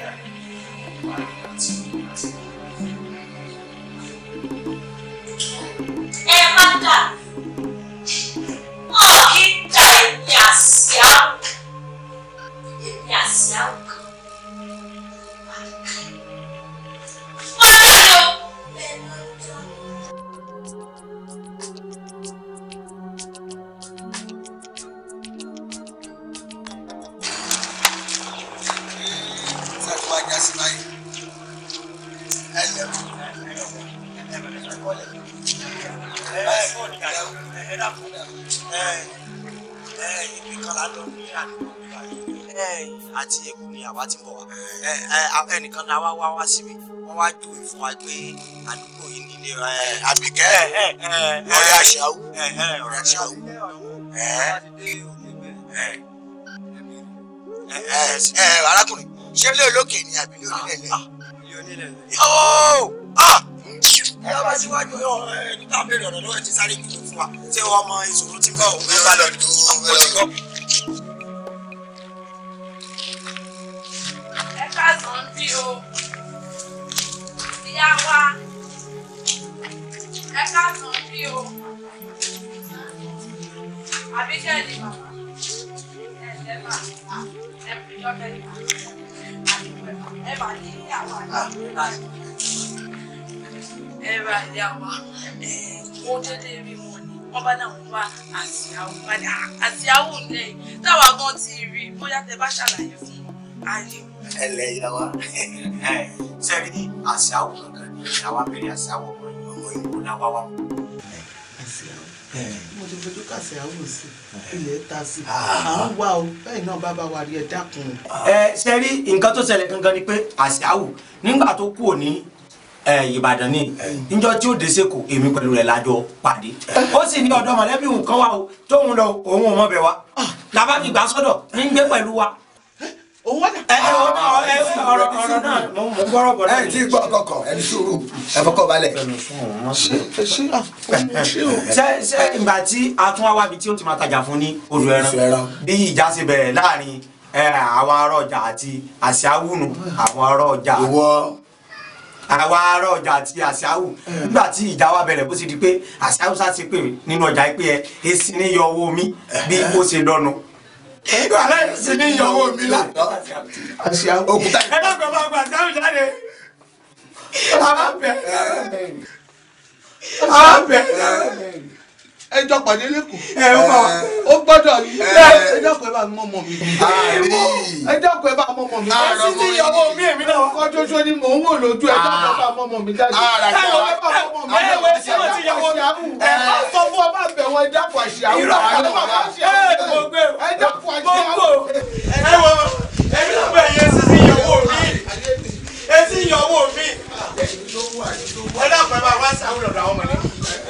care. wá sí mi wá jòwé fún wa pé àdúgbò yìí ní rẹ. àbíkẹ́ ọ̀rẹ́ àṣàwù ọ̀rẹ́ àṣàwù. arákùnrin ṣé ilé olókè ni àbí ilé onílẹ̀ lẹ́yìn. ilé onílẹ̀ lẹ́yìn. Ah! ẹ bá síwájú nígbà bèrè ọ̀rọ̀ lọ́wọ́ ti sáré kìlọ̀ fún wa ṣé ọmọ ìṣòro ti bá òun bá lọ dùn ún ẹ ká sàn bí o ìyá wa ẹ káàtàn bí o àbíkẹ́ ni bàbá ẹ lẹ́bà ẹ fi lọ́bẹ̀ ẹ bà ní ìyàwó àti ẹ bá ìyàwó ẹ mo dédé rí mo ní wọ́n bá náà wá àsìáwò padà àsìáwò nílẹ̀ táwa gan ti rí bóyá tẹ bá ṣàlàyé fún wa ẹlẹ ìyàwó sẹ́ni ní àṣàwò kankan ní àwa bẹ̀rẹ̀ àṣàwò ọmọ ìyàwó làwa wà. mo ti fojú kàṣẹ àwọn òsì ilẹ̀ ta sí ah. à ń wá o bẹ́ẹ̀ náà bàbá wa rí ẹ dákun. ẹ eh, ṣe rí nǹkan tó ṣẹlẹ̀ gangan ni pé àṣàwò nígbà tó kú òní eh, ìbàdàn ni níjọ́ eh. tí ó dèsè kò èmi pẹ̀lú rẹ̀ lájọ pàdé ó sì ní ọ̀dọ́ mọ̀lẹ́bí nǹkan wa o tóun lọ òun ò mọ̀ bẹ̀ wa ah. làbá fi gbà sọ́dọ̀ ní gbé pẹ̀lú wa òun wọ́n tà. ẹ ọ̀rọ̀ ọ̀rọ̀ náà mo mú gbọ́rọ̀ bọ̀ náà. ẹ ti gbọ́ kọkọ ẹni sùúrù ẹ fọkọ balẹ̀. ṣe ṣe ìgbà tí a tún wá wábi tí ó ti máa tajà fún ní odò ẹran bí ìjà ṣe bẹ̀rẹ̀ láàrin àwọn ará ọjà àti àṣàwùnù àwọn ará ọjà. ìwọ àwa ará ọjà àti àṣàwù nígbà tí ìjà wa bẹ̀rẹ̀ bó ti di pé àṣàwù sá ti pè nínú ọjà pé ẹ èsì ní yọ owó mi bí ó ṣe dọnu wàhálà yìí sì ní ìyàwó mi là. òkúta ẹ bá gbọ́ bá gbà sáwọn jáde. a bá a bá ẹjọ pàdé lẹkọọ ẹ wà ó gbọ́dọ̀ ni ẹjọ pẹ bá mọ ọmọ mi ẹjọ pẹ bá mọ ọmọ mi ẹsì ti yọwọ mi èmi náà ọkọ jójó ni mò ń wò lójú ẹjọ pẹ bá mọ ọmọ mi jáde ẹwọ ẹ bá mọ ọmọ mi ẹ wẹ ṣé wọn ti yọwọ mi ẹ bá sọ fún ọba bẹ wọn ẹjọ pọ àṣì àwọn ìrọ àlọ ẹ gbogbo ẹjọ pọ àṣì àwọn ẹ wọ èmi náà bẹ yẹ ẹsì ti yọwọ mi ẹsì yọwọ mi ẹ dàpọ̀ ẹ bá wá sáwọn ọ̀dọ̀ àwọn mọ̀lẹ́bí.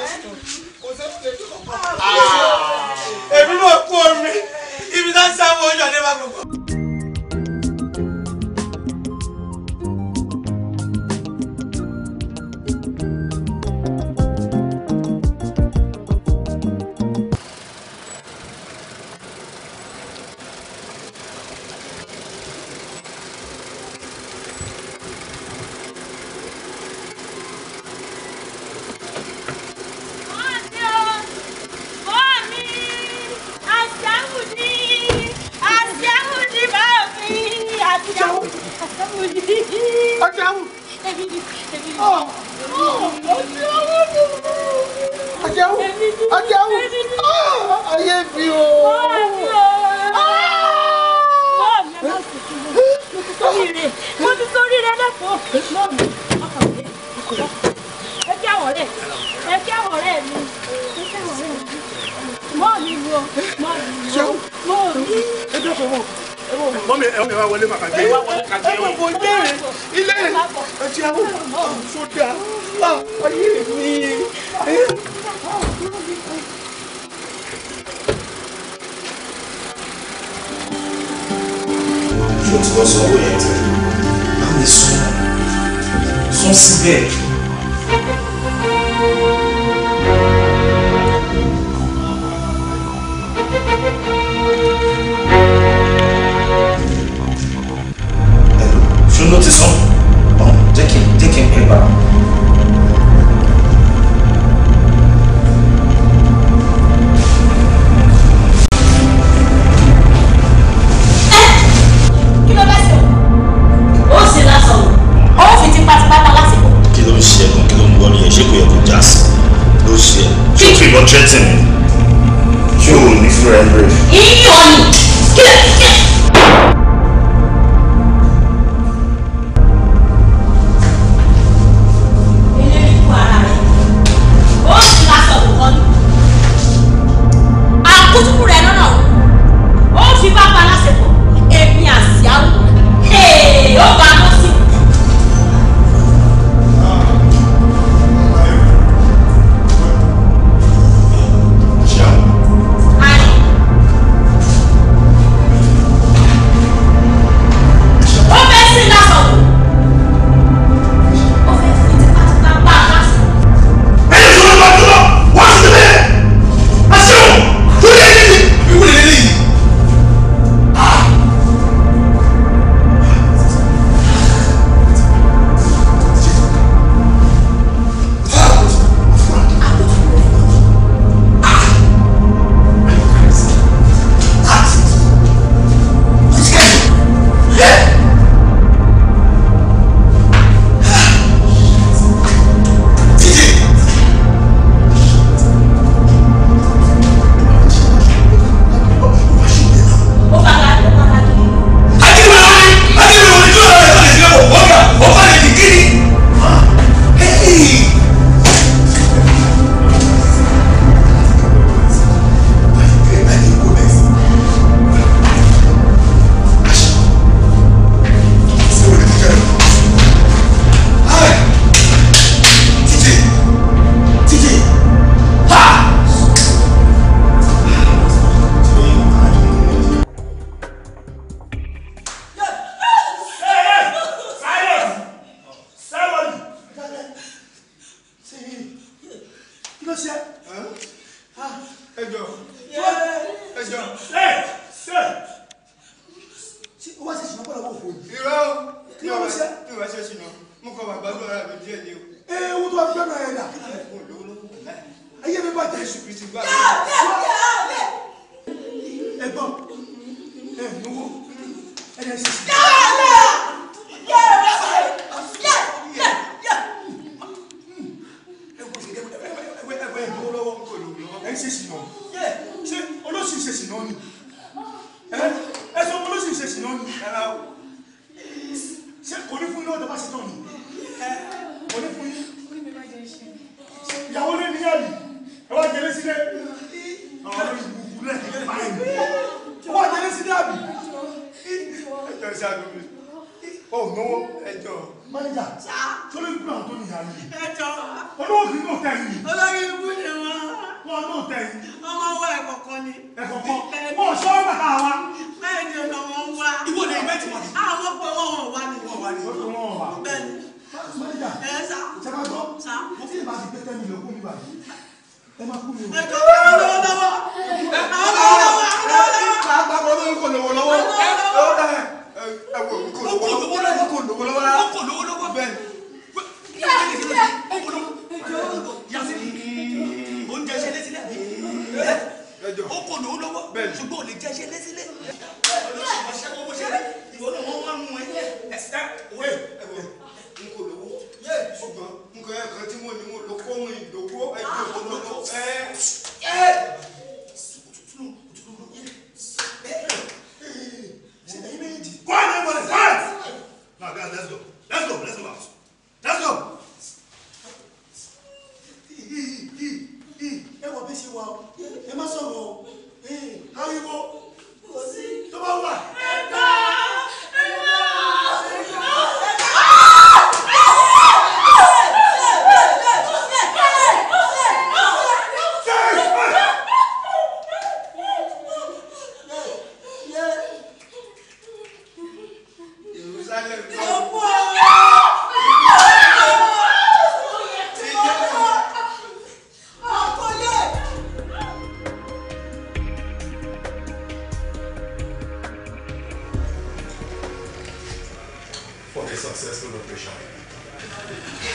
a successful operation.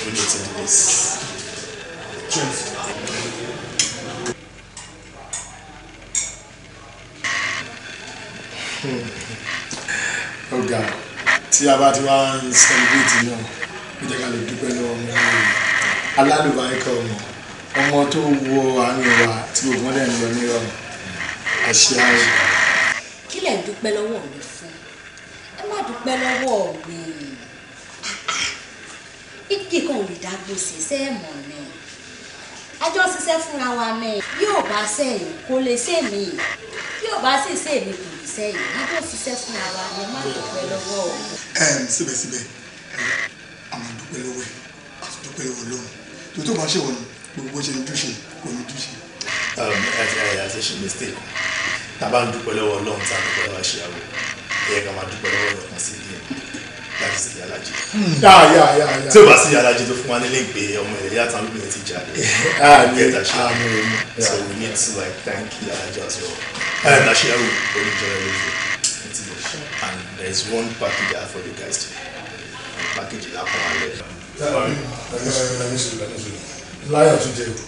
Which is this? Truth. ọ̀gá hmm. tí a bá ti wá ń sẹ́lẹ̀bìtì náà ó jẹ́ ká lè dúpẹ́ lọ́wọ́ ọmọ rẹ̀ alálùbáríkà ọmọ ọmọ tó wọ àárín wa tí ògùn rẹ̀ ń lọ nírọ̀rùn àṣẹ ààrẹ. kí lẹ̀ ń dúpẹ́ lọ́wọ́ mi fún ẹ má dúpẹ́ lọ́wọ́ mi kíkan ò lè dá gbèsè sẹ́ẹ̀mọ̀ ni àjọ ṣiṣẹ́ fúnra wa ni yóò bá sẹ́yìn kò lè sẹ́mi yóò bá sì sẹ́mi kò lè sẹ́yìn àjọ ṣiṣẹ́ fúnra wa ni má dúpẹ́ lọ́wọ́ o. síbẹ̀síbẹ̀ àmọ́ dúpẹ́ lọ́wọ́ ẹ̀ àti dúpẹ́ lọ́wọ́ Ọlọ́run tó tó bá ṣèwọ̀n gbogbo ṣe ń dúṣe kò ní dúṣe. ẹ ṣe ṣe mistake tá a bá ń dúpẹ́ lọ́wọ́ Ọlọ́run tá a dúpẹ́ lọ́wọ́ àṣeyàwó ẹ̀yẹ ká máa dúpẹ́ lọ́wọ́ ọ̀kan sí i kò sí yàlájì. tí o bá sí yàlájì tó fún wa nílé ìgbé ọmọ ẹ̀rẹ́ yàtọ̀ àwọn obìnrin ti jáde. kẹta ṣe so we need to like thank yàlájì as well. ẹ̀ẹ́dà ṣe ẹ̀rù olùjọra lójú and there is one package I have for you guys today package lápá wa lẹ. láyọ̀ tún jẹ́ o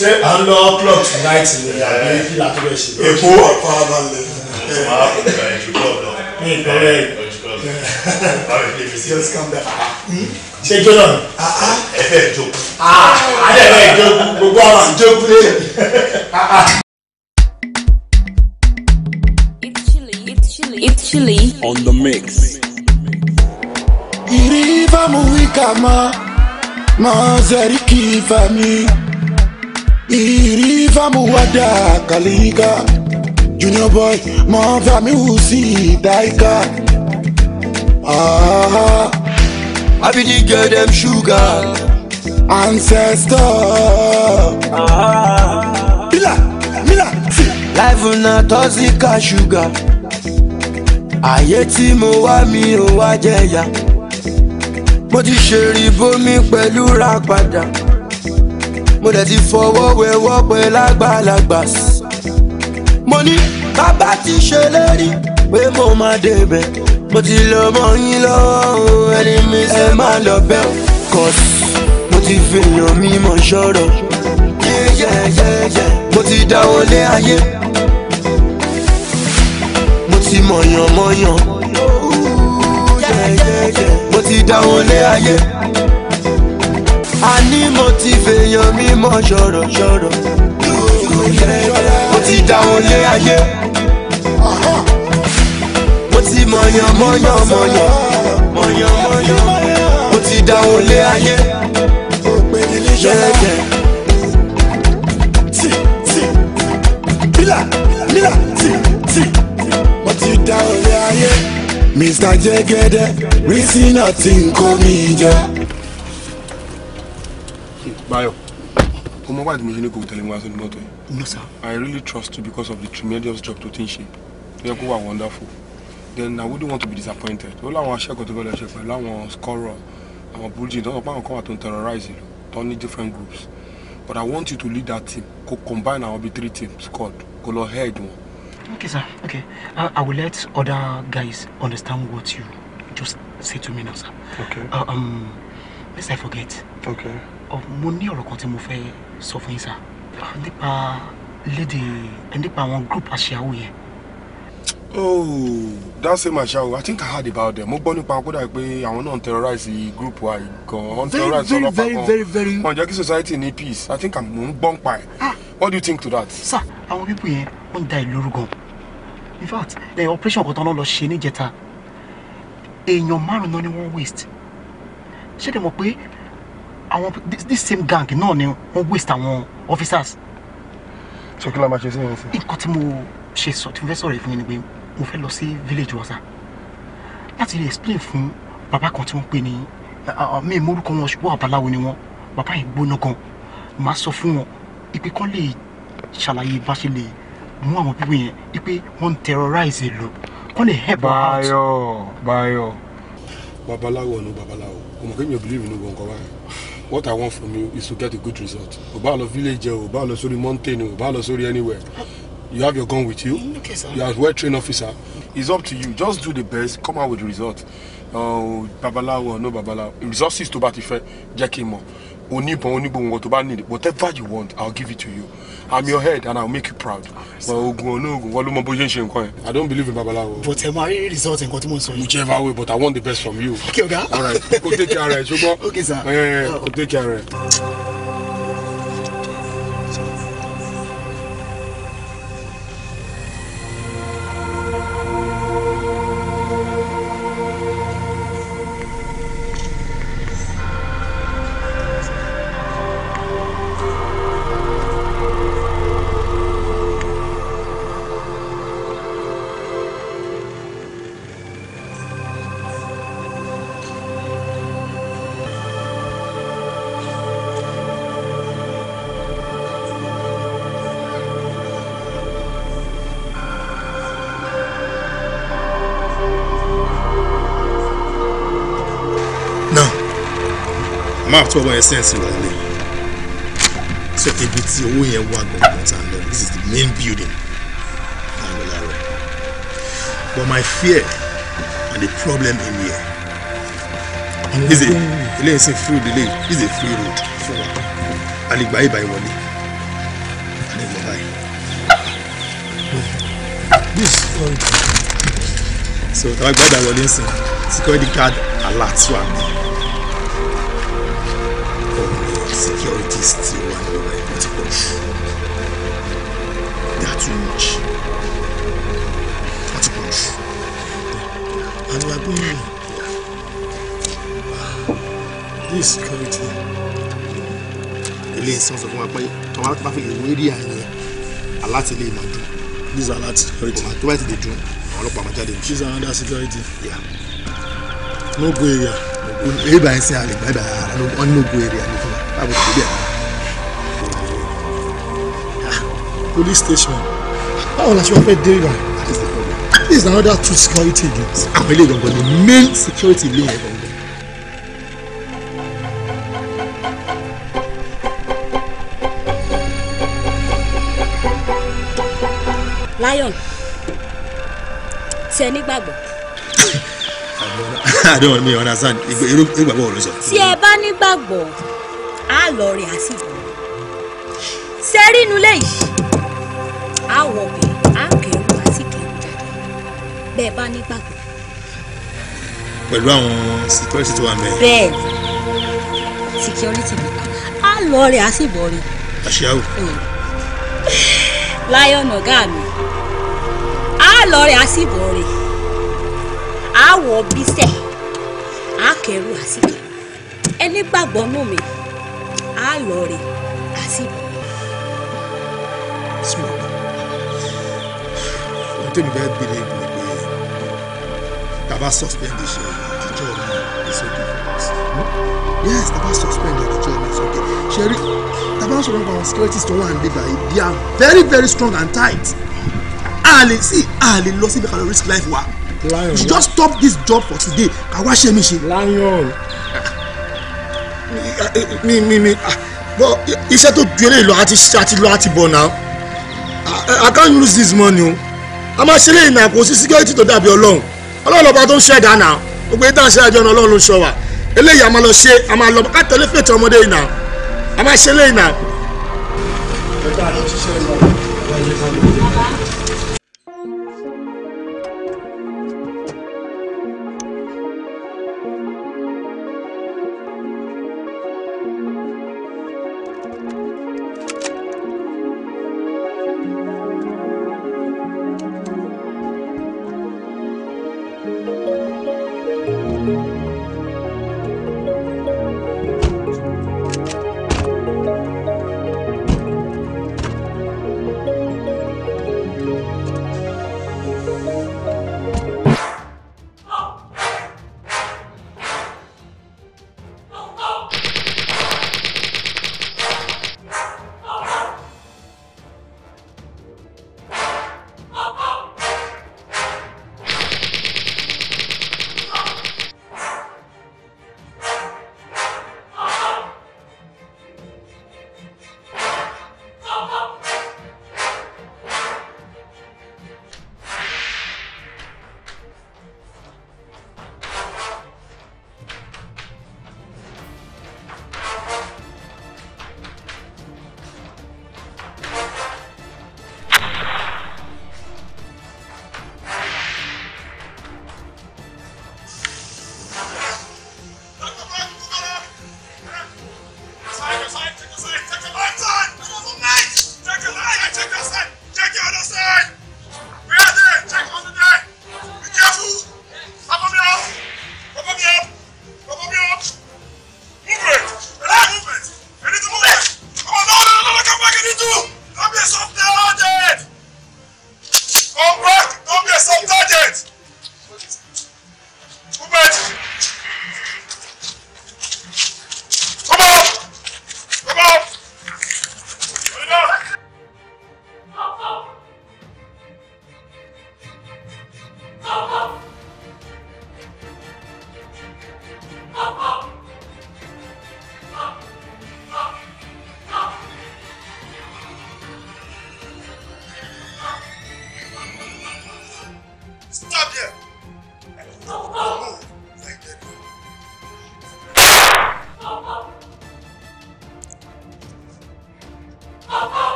ṣé à ń lọ club tonight ni àbí kí la tó bẹ ṣe. èkó àpá balẹ̀. ìpínlẹ̀ just calm down. ṣé jóná ni. Ah, ah. ẹ fẹ́ jókòó. Ah, ẹ gbogbo àwọn àjókòó lè. on the mix. Iriva muikama mazari kiva mi. Iriva muwada kalika Junior boy mavami wusi daika Ah, I be the girl them sugar ancestor. Ah, Mila, Mila, see. Life na toxic as sugar. Ayé tí mo wa mi ò wá jẹ̀yà. Mo ti ṣe ribomi pẹ̀lú ra padà. Mo dẹ̀ ti fọwọ́ wẹ̀wọ́ pẹ̀lú àgbàlagbà. Mo ní bàbá ti ṣe lérí pé mo ma debe mo ti lọ mọ yín lọ́wọ́ ẹni mi ṣe máa lọ bẹ́ ọ kọ́sì mo ti fèèyàn mi mọ̀ ṣọ́rọ̀ mo ti dáwọ́lé ayé mo ti mọ̀yàn mọ̀yàn mo ti dáwọ́lé ayé àní mo ti fèèyàn mi mọ̀ ṣọ́rọ̀ ṣọ́rọ̀ mo ti dáwọ́lé ayé mo ti mọ̀yàn mọ̀yàn mọ̀yàn mọ̀yàn mọ̀yàn mo ti dáhùn lé ayé yẹ́yẹ́. tí tí bílà bílà tí tí mo ti dáhùn lé ayé. Mr. Jẹ́gẹ́dẹ́ rísí náà ti ń kó mi jẹ. Báyọ̀ o mọ wá mo ṣe ní kò tẹ̀lé wọn sínú mọ́tò yìí. no sir. I really trust you because of the tremendous job tó ti ń ṣe. ó yẹ kó wà wonderful then I wouldn't want to be disappointed ó láwọn aṣẹ́gun tó fẹ́ lọ ṣe pẹ̀lú àwọn scorer àwọn bulgin tọ́wọ́ pàwọn kan wà tó ń terrorize ìlú tó ní different groups but I want you to lead that team kó combine àwọn bíi three teams Called kó head one. okay sir okay uh, I will let other guys understand what you just say to me now sir. okay uh, um, Let's. I forget. okay. Uh, mo ní ọ̀rọ̀ kan tí mo fẹ́ sọ fún yín sir nípa lédè nípa àwọn group aṣèwò yẹn oh that same ashawo i think i heard about them mo gbọ́ nípa kódà pé àwọn náà ń terrorize group wa gan wọ́n terrorize ọlọ́pàá gan very very very wọ́n jẹ́ kí society ní peace i think i'm mo ń gbọ́n pa ẹ̀ ah. what do you think to that. sir àwọn pípọ̀ yẹn wọ́n ń da ìlú rú gan in fact the operation kan tán náà lọ ṣe níjẹta èèyàn márùn-ún náà ni wọ́n waste ṣé dẹ̀ mọ̀ pé àwọn this same gang náà ni wọ́n waste àwọn officers. ṣé kí ló máa ṣe sí yẹn sí. nǹkan tí mo ṣe sọ tí mo fẹ́ sọ̀rọ̀ yìí ni pé mo fẹ́ lọ sí village wasa. sá láti lè explain fún bàbá kan tí wọ́n pè ní mi morúkọ wọn ṣùgbọ́n àbáláwo ni wọn bàbá yìí gbóná gan màá sọ fún wọn ipe kan lè ṣàlàyé bá ṣe lè mú àwọn pípé yẹn ipe wọ́n ń terrorize ìlú kan lè help out. Báyọ̀ Báyọ̀. babaláwo ọ̀nà babaláwo kò mọ̀ kéèyàn believe inú gbọ̀ngàn báyìí what i want from you is to get a good result ò bá lọ village ẹ ò bá lọ sórí mountain ò bá lọ sórí anywhere You have your gun with you. Okay, You are a well-trained officer. It's up to you. Just do the best. Come out with the result. Uh, babalawo or no babalawo. Resources to bá ti fẹ́ jẹ́ kí n mọ̀. Oníbọn onígbòǹwọ̀ tó bá need whatever you want I'll give it to you. I'm your head and I'll make you proud. Ah, but ogun or no ogun, wọ́n ló mọ bó ṣe ń ṣe nǹkan yẹn. I don't believe in babalawo. But ẹ máa rí result nǹkan tí mo sọ yìí. Whichever way but I want the best from you. Okay, oga. All right, go take care of Ṣùgbọ́n. Okay, sir. Eh, eh, eh. Oh. take care of máa tó ọwọ́ ẹsẹ̀ ẹ̀sìn lọ́wọ́ so ibi tí owó yẹn wà gbọ̀ngàn tá lọ this is the main building Angola but my fear and the problem in here is a ilé ìsìn free road is a free road fún wa a lè gba ibà ìwọlé a lè lọ báyìí. so tàbá gbọ́dọ̀ wọlé ń sìn security guard alert wà mí. waste tí ó wà nínú rẹ̀ ó ti pọ̀ jù they are too much and we are going this security ilé ìsìn sọ fún wa pé tọ́wọ́ bá fi ìwé rí àyè aláti ilé ìmọ̀ dùn this is alert security ọmọ tó bá ti lè dùn àwọn ọlọ́pàá máa jáde. this is another security. Yeah. no go area. èyí bá ń sin àlè báyìí bá ń no area nìkan báwo ti dé bí àná. police station báwo la ṣe wọ́n fẹ́ dé ìgbà this is another two security gates àwọn ilé ìgbọ̀ngàn the main security ilé ìgbọ̀ngàn. lion tí ẹ I don't want mean understand irú ìgbàgbọ́ òun ló sọ. tí ẹ bá nígbàgbọ́ á lọ rìn àsìkò sẹ́rínú lẹ́yìn wọ bẹ̀ á kẹrù àti kẹrù jáde bẹ́ẹ̀ bá nígbàgbọ́. pẹ̀lú àwọn security tó wà mẹ́rin. bẹ́ẹ̀ ni security bí a lọ rẹ̀ á sì bọ̀ rẹ̀. àṣìyáwó. láyọ̀ nàgá mi a lọ rẹ̀ á sì bọ̀ rẹ̀ á wọ bísẹ̀ á kẹrù àti kẹrù ẹni gbàgbọ́ nù mí á lọ rẹ̀. tèmi bẹ́ẹ̀ gbére ìbùdó pé suspend iṣẹ́ ìdíjọ́ mi ìsókè yes tàbá suspend ìdíjọ́ mi ìsókè ṣeré tàbá sọ̀rọ̀ nípa àwọn Security tó wà ní yìí they are very very strong and tight a lè sí a lè lọ síbi kan risk life wa lion you just stop this job for today ká wá ṣe mí ṣe. lion mi mi mi bọ iṣẹ́ tó ju eléyìí lọ àti lọ àti bọ̀ náà i can't lose this money o a máa ṣe lè nà kó sí síkírẹ́tì tó dàbí ọlọ́run ọlọ́run lọ́ba tó ń ṣẹ̀dá nà gbogbo ìdá ṣe àjọ ọlọ́run ló ń ṣọ wa eléyìí a máa lọ ṣe a máa lọ àtẹlẹ́fẹ̀tì ọmọdé yìí nà a ṣe lè nà.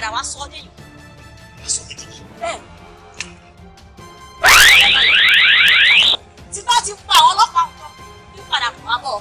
padà wá sọ ọ́ déyìn. aṣọ kékeré. bẹ́ẹ̀ tí bá ti pa àwọn ọlọ́pàá nǹkan ní padà bọ̀ wá bọ̀.